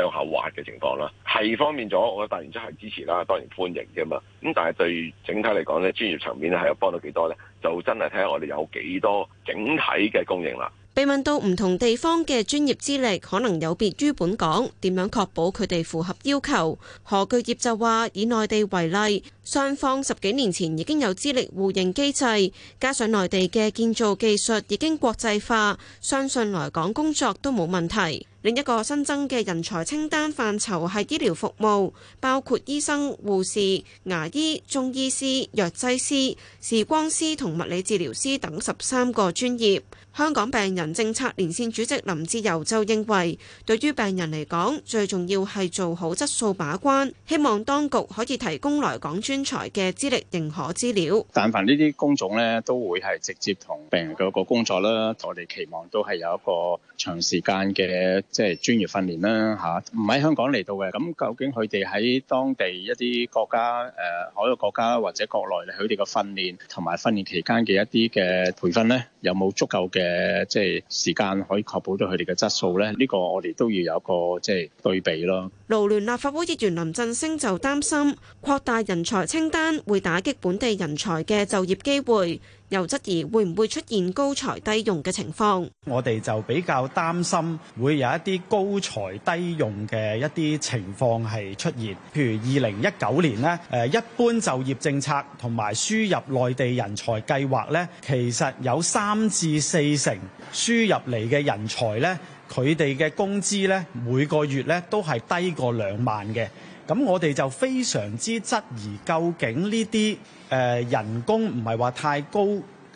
向下滑嘅情況啦，係方便咗，我當然真係支持啦，當然歡迎啫嘛。咁但係對整體嚟講咧，專業層面係有幫到幾多咧？就真係睇下我哋有幾多整體嘅供應啦。被問到唔同地方嘅專業資歷可能有別於本港，點樣確保佢哋符合要求？何巨業就話：以內地為例，雙方十幾年前已經有資歷互認機制，加上內地嘅建造技術已經國際化，相信來港工作都冇問題。另一個新增嘅人才清單範疇係醫療服務，包括醫生、護士、牙醫、中醫師、藥劑師、視光師同物理治療師等十三個專業。香港病人政策連綫主席林志由就認為，對於病人嚟講，最重要係做好質素把關，希望當局可以提供來港專才嘅資歷認可資料。但凡呢啲工種咧，都會係直接同病人個工作啦。我哋期望都係有一個長時間嘅即係專業訓練啦。吓唔喺香港嚟到嘅，咁究竟佢哋喺當地一啲國家誒、呃、海外國家或者國內佢哋嘅訓練同埋訓練期間嘅一啲嘅培訓咧，有冇足夠嘅？誒，即係時間可以確保到佢哋嘅質素咧，呢個我哋都要有個即係對比咯。勞聯立法會議員林振昇就擔心擴大人才清單會打擊本地人才嘅就業機會。又質疑會唔會出現高才低用嘅情況。我哋就比較擔心會有一啲高才低用嘅一啲情況係出現。譬如二零一九年呢，誒一般就業政策同埋輸入內地人才計劃呢，其實有三至四成輸入嚟嘅人才呢，佢哋嘅工資呢每個月呢都係低過兩萬嘅。咁我哋就非常之質疑，究竟呢啲、呃、人工唔係話太高，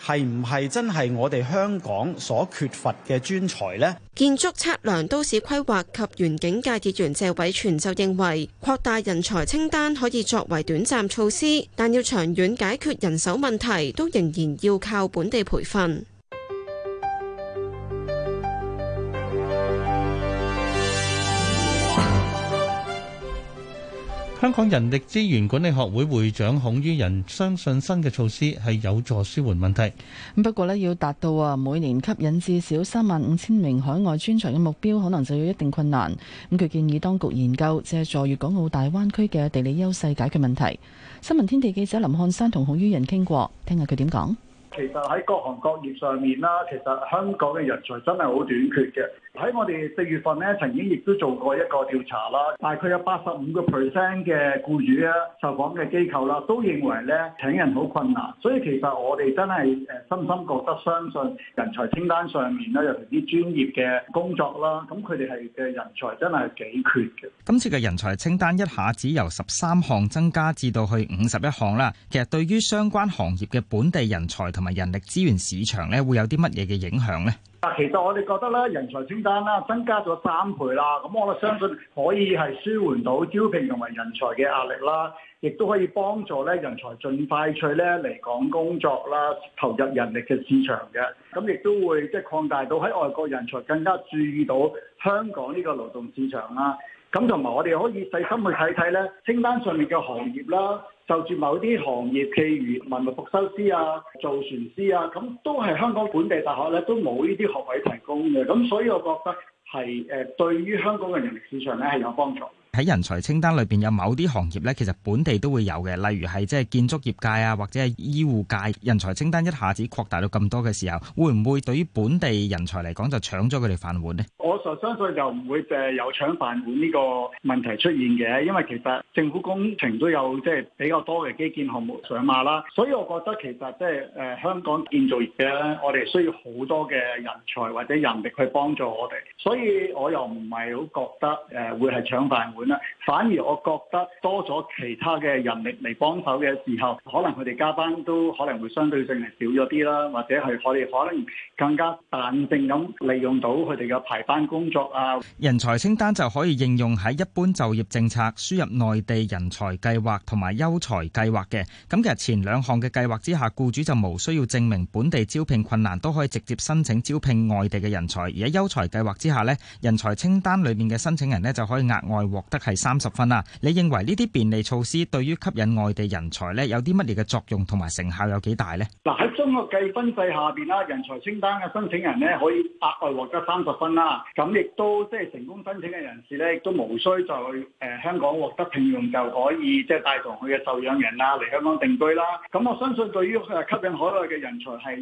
係唔係真係我哋香港所缺乏嘅專才呢？建築測量、都市規劃及園景界別員謝偉銓就認為，擴大人才清單可以作為短暫措施，但要長遠解決人手問題，都仍然要靠本地培訓。香港人力資源管理學會會長孔于人相信新嘅措施係有助舒緩問題。不過咧，要達到啊每年吸引至少三萬五千名海外專才嘅目標，可能就有一定困難。咁佢建議當局研究借助粵港澳大灣區嘅地理優勢，解決問題。新聞天地記者林漢山同孔于人傾過，聽下佢點講。其實喺各行各業上面啦，其實香港嘅人才真係好短缺嘅。喺我哋四月份呢，曾經亦都做過一個調查啦，大概有八十五個 percent 嘅雇主啊，的受訪嘅機構啦，都認為咧請人好困難，所以其實我哋真係誒深深覺得相信人才清單上面咧，有啲專業嘅工作啦，咁佢哋係嘅人才真係幾缺嘅。今次嘅人才清單一下子由十三項增加至到去五十一項啦，其實對於相關行業嘅本地人才同埋人力資源市場咧，會有啲乜嘢嘅影響呢？嗱，其實我哋覺得咧，人才清單啦，增加咗三倍啦，咁我相信可以係舒緩到招聘同埋人才嘅壓力啦，亦都可以幫助咧人才盡快去咧嚟港工作啦，投入人力嘅市場嘅，咁亦都會即係擴大到喺外國人才更加注意到香港呢個勞動市場啦，咁同埋我哋可以細心去睇睇咧，清單上面嘅行業啦。就住某啲行業，譬如文物復修師啊、造船師啊，咁都係香港本地大學咧都冇呢啲學位提供嘅，咁所以我覺得係誒對於香港嘅人力市場咧係有幫助。喺人才清單裏邊有某啲行業咧，其實本地都會有嘅，例如係即係建築業界啊，或者係醫護界。人才清單一下子擴大到咁多嘅時候，會唔會對於本地人才嚟講就搶咗佢哋飯碗咧？我就相信就唔會誒有搶飯碗呢個問題出現嘅，因為其實政府工程都有即係比較多嘅基建項目上馬啦，所以我覺得其實即係誒香港建造業界咧，我哋需要好多嘅人才或者人力去幫助我哋，所以我又唔係好覺得誒會係搶飯碗。反而我覺得多咗其他嘅人力嚟幫手嘅時候，可能佢哋加班都可能會相對性係少咗啲啦，或者係我哋可能更加彈性咁利用到佢哋嘅排班工作啊。人才清單就可以應用喺一般就業政策、輸入內地人才計劃同埋優才計劃嘅。咁其實前兩項嘅計劃之下，雇主就無需要證明本地招聘困難，都可以直接申請招聘外地嘅人才。而喺優才計劃之下呢，人才清單裏面嘅申請人呢就可以額外獲得係三十分啦。你認為呢啲便利措施對於吸引外地人才咧，有啲乜嘢嘅作用同埋成效有幾大咧？嗱喺中國計分制下邊啦，人才清單嘅申請人咧可以額外獲得三十分啦。咁亦都即係成功申請嘅人士咧，亦都無需再去誒，香港獲得聘用就可以即係帶同佢嘅受養人啦嚟香港定居啦。咁我相信對於誒吸引海外嘅人才係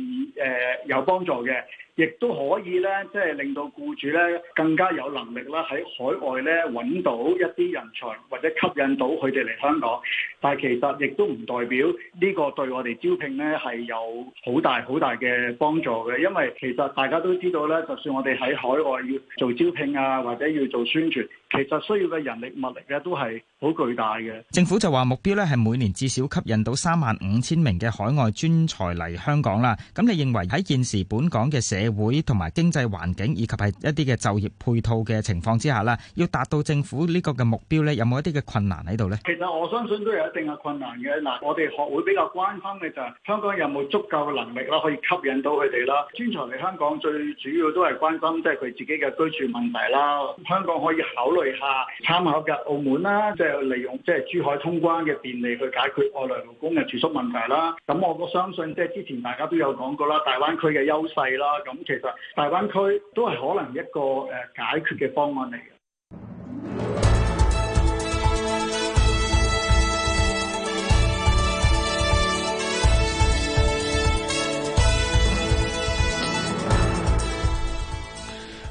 誒有幫助嘅。亦都可以咧，即係令到僱主咧更加有能力啦，喺海外咧揾到一啲人才，或者吸引到佢哋嚟香港。但係其實亦都唔代表呢個對我哋招聘咧係有好大好大嘅幫助嘅，因為其實大家都知道咧，就算我哋喺海外要做招聘啊，或者要做宣傳，其實需要嘅人力物力咧都係好巨大嘅。政府就話目標咧係每年至少吸引到三萬五千名嘅海外專才嚟香港啦。咁你認為喺現時本港嘅社會同埋經濟環境以及係一啲嘅就業配套嘅情況之下啦，要達到政府呢個嘅目標呢，有冇一啲嘅困難喺度呢？其實我相信都有一定嘅困難嘅。嗱，我哋學會比較關心嘅就係香港有冇足夠嘅能力啦，可以吸引到佢哋啦，專才嚟香港最主要都係關心即係佢自己嘅居住問題啦。香港可以考慮下參考嘅澳門啦，即係利用即係珠海通關嘅便利去解決外來勞工嘅住宿問題啦。咁我我相信即係之前大家都有講過啦，大灣區嘅優勢啦咁。咁其實大灣區都係可能一個誒解決嘅方案嚟嘅。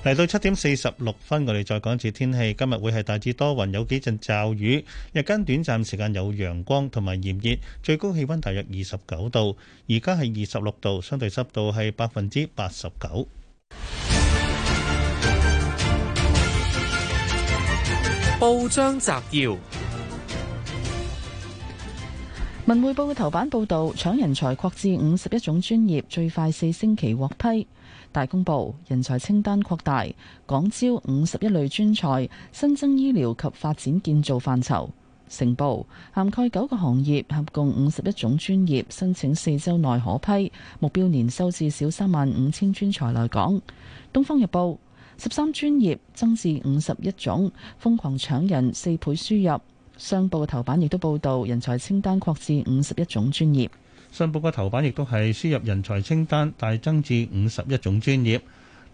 嚟到七點四十六分，我哋再講一次天氣。今日會係大致多雲，有幾陣驟雨。日間短暫時間有陽光同埋炎熱，最高氣温大約二十九度。而家係二十六度，相對濕度係百分之八十九。報章摘要：《文匯報》嘅頭版報道，搶人才擴至五十一種專業，最快四星期獲批。大公報，人才清單擴大，港招五十一類專才，新增醫療及發展建造範疇。成報，涵蓋九個行業，合共五十一種專業，申請四周內可批，目標年收至少三萬五千專才來港。東方日報，十三專業增至五十一種，瘋狂搶人四倍輸入。商報頭版亦都報道，人才清單擴至五十一種專業。信報嘅頭版亦都係輸入人才清單大增至五十一種專業。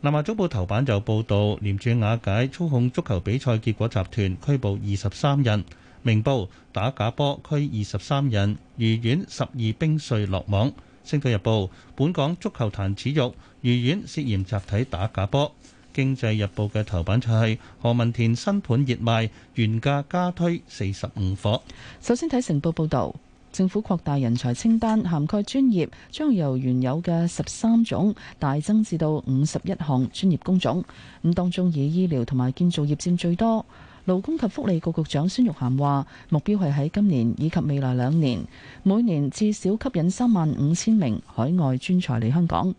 南華早報頭版就報導廉署瓦解操控足球比賽結果集團，拘捕二十三人。明報打假波拘二十三人。愉園十二兵碎落網。星島日報本港足球壇恥辱，愉園涉嫌集體打假波。經濟日報嘅頭版就係何文田新盤熱賣，原價加推四十五伙。首先睇成報報道。政府擴大人才清單，涵蓋專業，將由原有嘅十三種大增至到五十一項專業工種。咁當中以醫療同埋建造業佔最多。勞工及福利局局長孫玉菡話：目標係喺今年以及未來兩年，每年至少吸引三萬五千名海外專才嚟香港。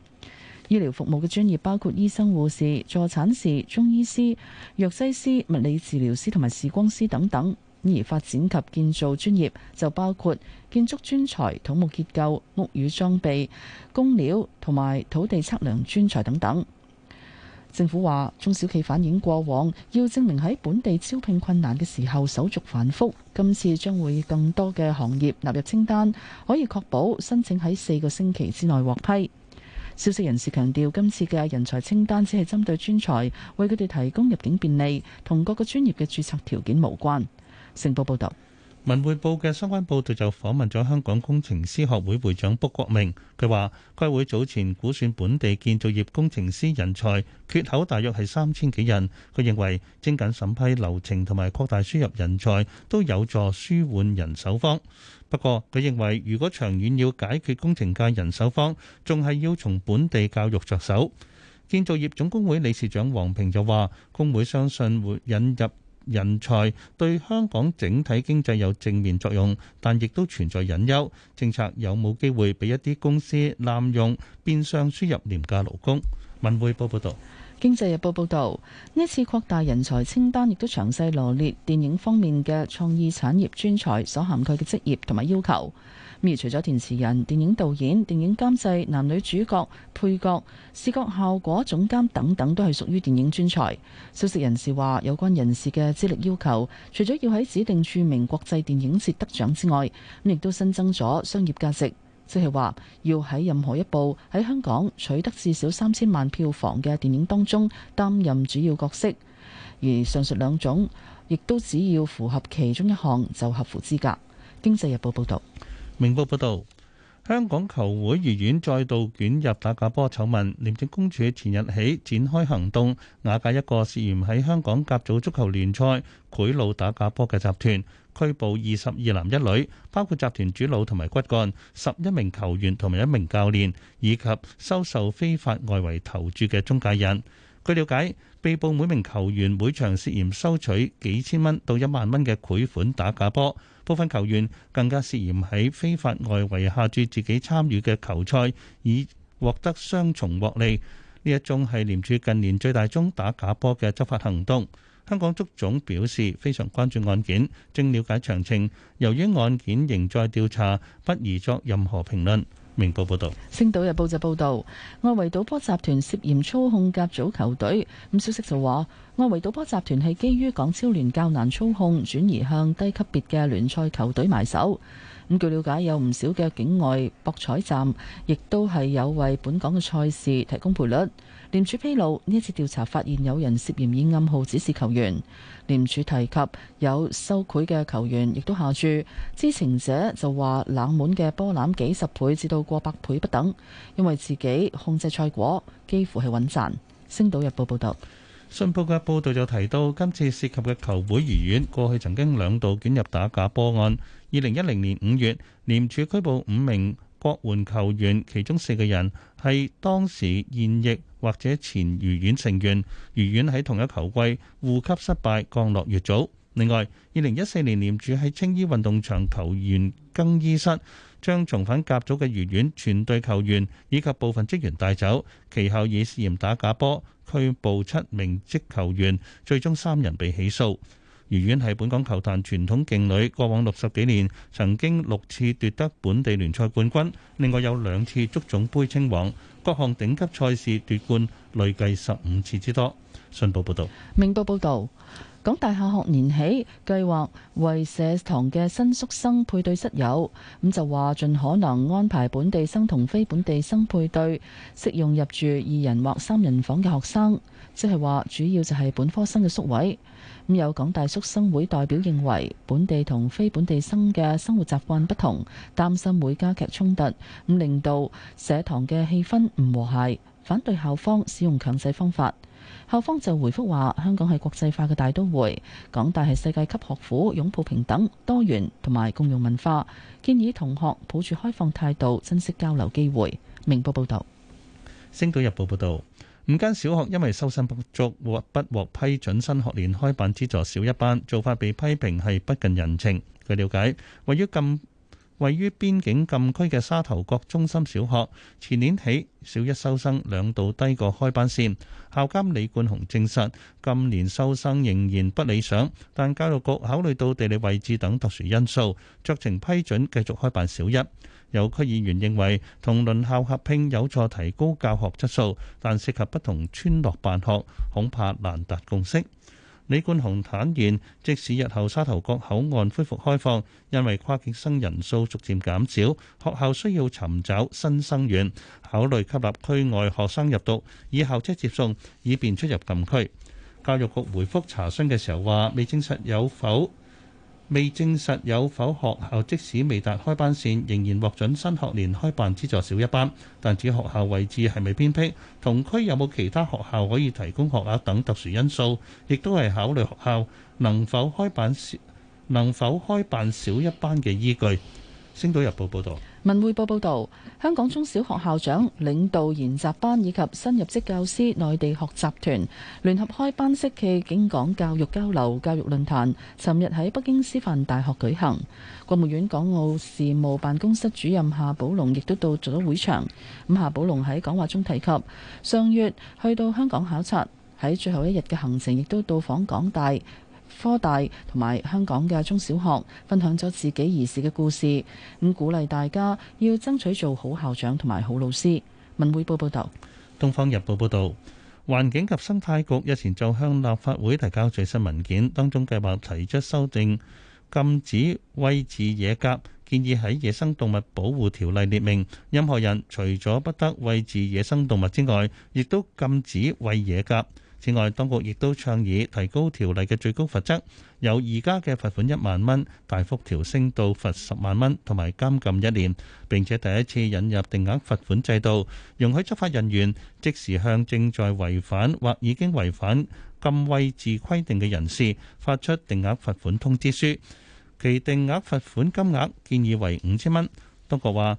醫療服務嘅專業包括醫生、護士、助產士、中醫師、藥劑師、物理治療師同埋視光師等等。而發展及建造專業就包括建築專才、土木結構、屋宇裝備、工料同埋土地測量專才等等。政府話中小企反映過往要證明喺本地招聘困難嘅時候手續繁複，今次將會更多嘅行業納入清單，可以確保申請喺四個星期之內獲批。消息人士強調，今次嘅人才清單只係針對專才，為佢哋提供入境便利，同各個專業嘅註冊條件無關。成報報道，文匯報嘅相關報道就訪問咗香港工程師學會會長卜國明，佢話該會早前估算本地建造業工程師人才缺口大約係三千幾人，佢認為精簡審批流程同埋擴大輸入人才都有助舒緩人手荒。不過佢認為如果長遠要解決工程界人手荒，仲係要從本地教育着手。建造業總工會理事長黃平就話，工會相信會引入。人才對香港整體經濟有正面作用，但亦都存在隱憂。政策有冇機會俾一啲公司濫用，變相輸入廉價勞工？文匯報報導，《經濟日報》報導，呢次擴大人才清單，亦都詳細羅列電影方面嘅創意產業專才所涵蓋嘅職業同埋要求。而除咗電視人、電影導演、電影監製、男女主角、配角、視覺效果總監等等，都係屬於電影專才。消息人士話，有關人士嘅資歷要求，除咗要喺指定著名國際電影節得獎之外，亦都新增咗商業價值，即係話要喺任何一部喺香港取得至少三千萬票房嘅電影當中擔任主要角色。而上述兩種，亦都只要符合其中一項就合乎資格。經濟日報報導。明報報道，香港球會如院再度捲入打假波醜聞。廉政公署前日起展開行動，瓦解一個涉嫌喺香港甲組足球聯賽賄賂打假波嘅集團，拘捕二十二男一女，包括集團主腦同埋骨幹、十一名球員同埋一名教練，以及收受非法外圍投注嘅中介人。據了解，被捕每名球員每場涉嫌收取幾千蚊到一萬蚊嘅賄款打假波。部分球員更加涉嫌喺非法外圍下注自己參與嘅球賽，以獲得雙重獲利。呢一宗係廉署近年最大宗打假波嘅執法行動。香港足總表示非常關注案件，正了解詳情。由於案件仍在調查，不宜作任何評論。明報報道，《星島日報》就報道外圍賭波集團涉嫌操控甲組球隊。咁消息就話，外圍賭波集團係基於港超聯較難操控，轉移向低級別嘅聯賽球隊埋手。咁據了解，有唔少嘅境外博彩站，亦都係有為本港嘅賽事提供賠率。廉署披露呢次調查發現有人涉嫌以暗號指示球員。廉署提及有收賄嘅球員亦都下注，知情者就話冷門嘅波纜幾十倍至到過百倍不等，因為自己控制賽果，幾乎係穩賺。星島日報報道，信報嘅報道就提到，今次涉及嘅球會愉園過去曾經兩度捲入打假波案。二零一零年五月，廉署拘捕五名國援球員其中四個人係當時現役或者前愉園成員，愉園喺同一球季護級失敗，降落乙組。另外，二零一四年，年，廉署喺青衣運動場球員更衣室將重返甲組嘅愉園全隊球員以及部分職員帶走，其後以涉嫌打假波拘捕七名職球員，最終三人被起訴。愉園係本港球壇傳統勁旅，過往六十幾年曾經六次奪得本地聯賽冠軍，另外有兩次足總杯稱王，各項頂級賽事奪冠累計十五次之多。信報報道。明報報道，港大下學年起計劃為舍堂嘅新宿生配對室友，咁就話盡可能安排本地生同非本地生配對，適用入住二人或三人房嘅學生，即係話主要就係本科生嘅宿位。咁有港大宿生會代表認為，本地同非本地生嘅生活習慣不同，擔心會加劇衝突，咁令到社堂嘅氣氛唔和諧。反對校方使用強制方法。校方就回覆話：香港係國際化嘅大都會，港大係世界級學府，擁抱平等、多元同埋共融文化，建議同學抱住開放態度，珍惜交流機會。明報報道。星島日報報道。五間小學因為收生不足或不獲批准新學年開辦資助小一班，做法被批評係不近人情。據了解，位於禁位於邊境禁區嘅沙頭角中心小學，前年起小一收生兩度低過開班線。校監李冠雄證實，近年收生仍然不理想，但教育局考慮到地理位置等特殊因素，酌情批准繼續開辦小一。有區議員認為同鄰校合併有助提高教學質素，但涉及不同村落辦學恐怕難達共識。李冠雄坦言，即使日後沙頭角口岸恢復開放，因為跨境生人數逐漸減少，學校需要尋找新生源，考慮吸納區外學生入讀，以校車接送以便出入禁區。教育局回覆查詢嘅時候話，未證實有否。未證實有否學校，即使未達開班線，仍然獲准新學年開辦資助小一班。但指學校位置係咪偏僻、同區有冇其他學校可以提供學額等特殊因素，亦都係考慮學校能否開辦小能否開辦小一班嘅依據。星島日報報導。文匯報報道，香港中小學校長、領導研習班以及新入職教師內地學習團聯合開班式暨京港教育交流教育論壇，尋日喺北京師範大學舉行。國務院港澳事務辦公室主任夏寶龍亦都到咗會場。咁夏寶龍喺講話中提及，上月去到香港考察，喺最後一日嘅行程亦都到訪港大。科大同埋香港嘅中小學分享咗自己兒時嘅故事，咁鼓勵大家要爭取做好校長同埋好老師。文匯報報道，東方日報報道，環境及生態局日前就向立法會提交最新文件，當中計劃提出修訂禁止餵飼野鴿，建議喺野生動物保護條例列明，任何人除咗不得餵飼野生動物之外，亦都禁止餵野鴿。此外，當局亦都倡議提高條例嘅最高罰則，由而家嘅罰款一萬蚊大幅調升到罰十萬蚊，同埋監禁一年。並且第一次引入定額罰款制度，容許執法人員即時向正在違反或已經違反禁威字規定嘅人士發出定額罰款通知書，其定額罰款金額建議為五千蚊。當局話，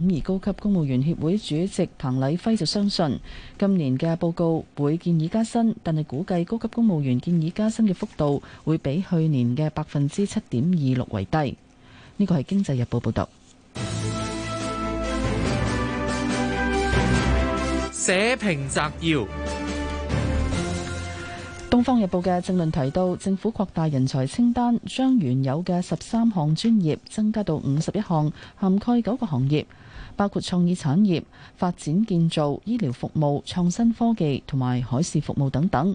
咁而高級公務員協會主席彭禮輝就相信，今年嘅報告會建議加薪，但係估計高級公務員建議加薪嘅幅度會比去年嘅百分之七點二六為低。呢個係《經濟日報》報道。社評摘要，《東方日報》嘅政論提到，政府擴大人才清單，將原有嘅十三項專業增加到五十一項，涵蓋九個行業。包括創意產業、發展建造、醫療服務、創新科技同埋海事服務等等。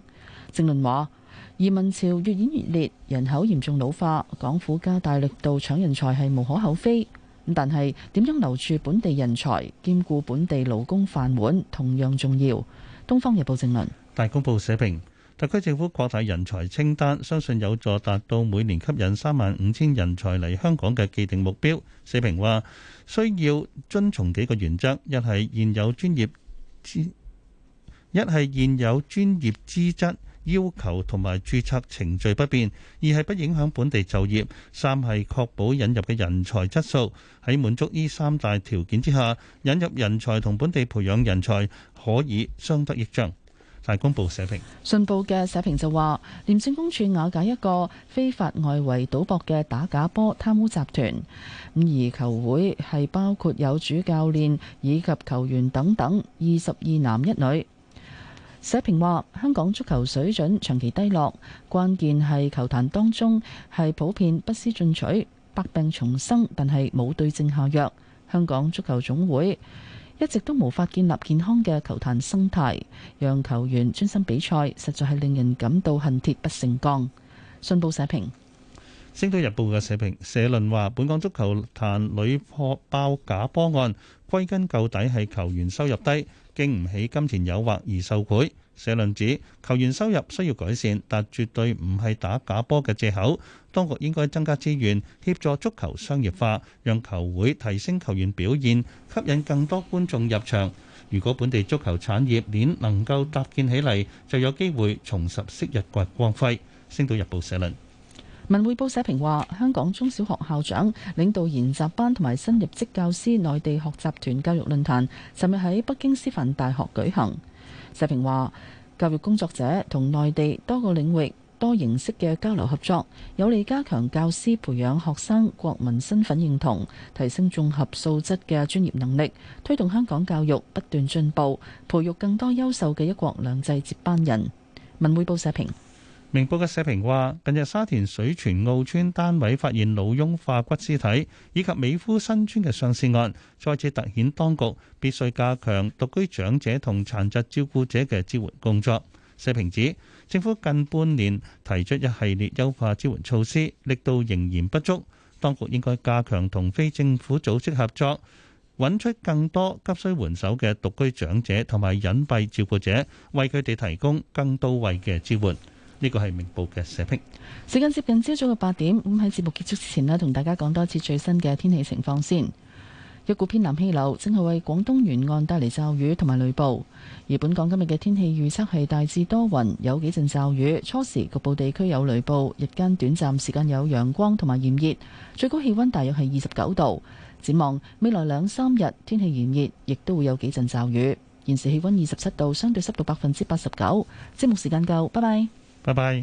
正論話，移民潮越演越烈，人口嚴重老化，港府加大力度搶人才係無可厚非。但係點樣留住本地人才，兼顧本地勞工飯碗同樣重要。《東方日報》正論。大公報社評。特區政府擴大人才清單，相信有助達到每年吸引三萬五千人才嚟香港嘅既定目標。四平話：需要遵從幾個原則，一係現，現有專業資一係現有專業資質要求同埋註冊程序不變；二係不影響本地就業；三係確保引入嘅人才質素，喺滿足呢三大條件之下，引入人才同本地培養人才可以相得益彰。快公布社評。信報嘅社評就話：廉政公署瓦解一個非法外圍賭博嘅打假波貪污集團。而球會係包括有主教練以及球員等等二十二男一女。社評話：香港足球水準長期低落，關鍵係球壇當中係普遍不思進取，百病叢生，但係冇對症下藥。香港足球總會。一直都無法建立健康嘅球壇生態，讓球員專心比賽，實在係令人感到恨鐵不成鋼。信報社評，《星島日報》嘅社評社論話，本港足球壇屢破包假波案，歸根究底係球員收入低，經唔起金錢誘惑而受賄。社論指球員收入需要改善，但絕對唔係打假波嘅藉口。當局應該增加資源協助足球商業化，讓球會提升球員表現，吸引更多觀眾入場。如果本地足球產業鏈能夠搭建起嚟，就有機會重拾昔日嘅光輝。星島日報社論。文匯報社評話，香港中小學校長領導研習班同埋新入職教師內地學習團教育論壇，尋日喺北京師範大學舉行。社評話：教育工作者同內地多個領域、多形式嘅交流合作，有利加強教師培養、學生國民身份認同、提升綜合素質嘅專業能力，推動香港教育不斷進步，培育更多優秀嘅一國兩制接班人。文匯報社評。明報嘅社評話：近日沙田水泉澳村單位發現老翁化骨屍體，以及美孚新村嘅雙屍案，再次突顯當局必須加強獨居長者同殘疾照顧者嘅支援工作。社評指，政府近半年提出一系列優化支援措施，力度仍然不足。當局應該加強同非政府組織合作，揾出更多急需援手嘅獨居長者同埋隱蔽照顧者，為佢哋提供更到位嘅支援。呢個係明報嘅社評。時間接近朝早嘅八點，咁喺節目結束之前咧，同大家講多次最新嘅天氣情況先。一股偏南氣流正係為廣東沿岸帶嚟驟雨同埋雷暴，而本港今日嘅天氣預測係大致多雲，有幾陣驟雨，初時局部地區有雷暴，日間短暫時間有陽光同埋炎熱，最高氣温大約係二十九度。展望未來兩三日天氣炎熱，亦都會有幾陣驟雨。現時氣温二十七度，相對濕度百分之八十九。節目時間夠，拜拜。拜拜。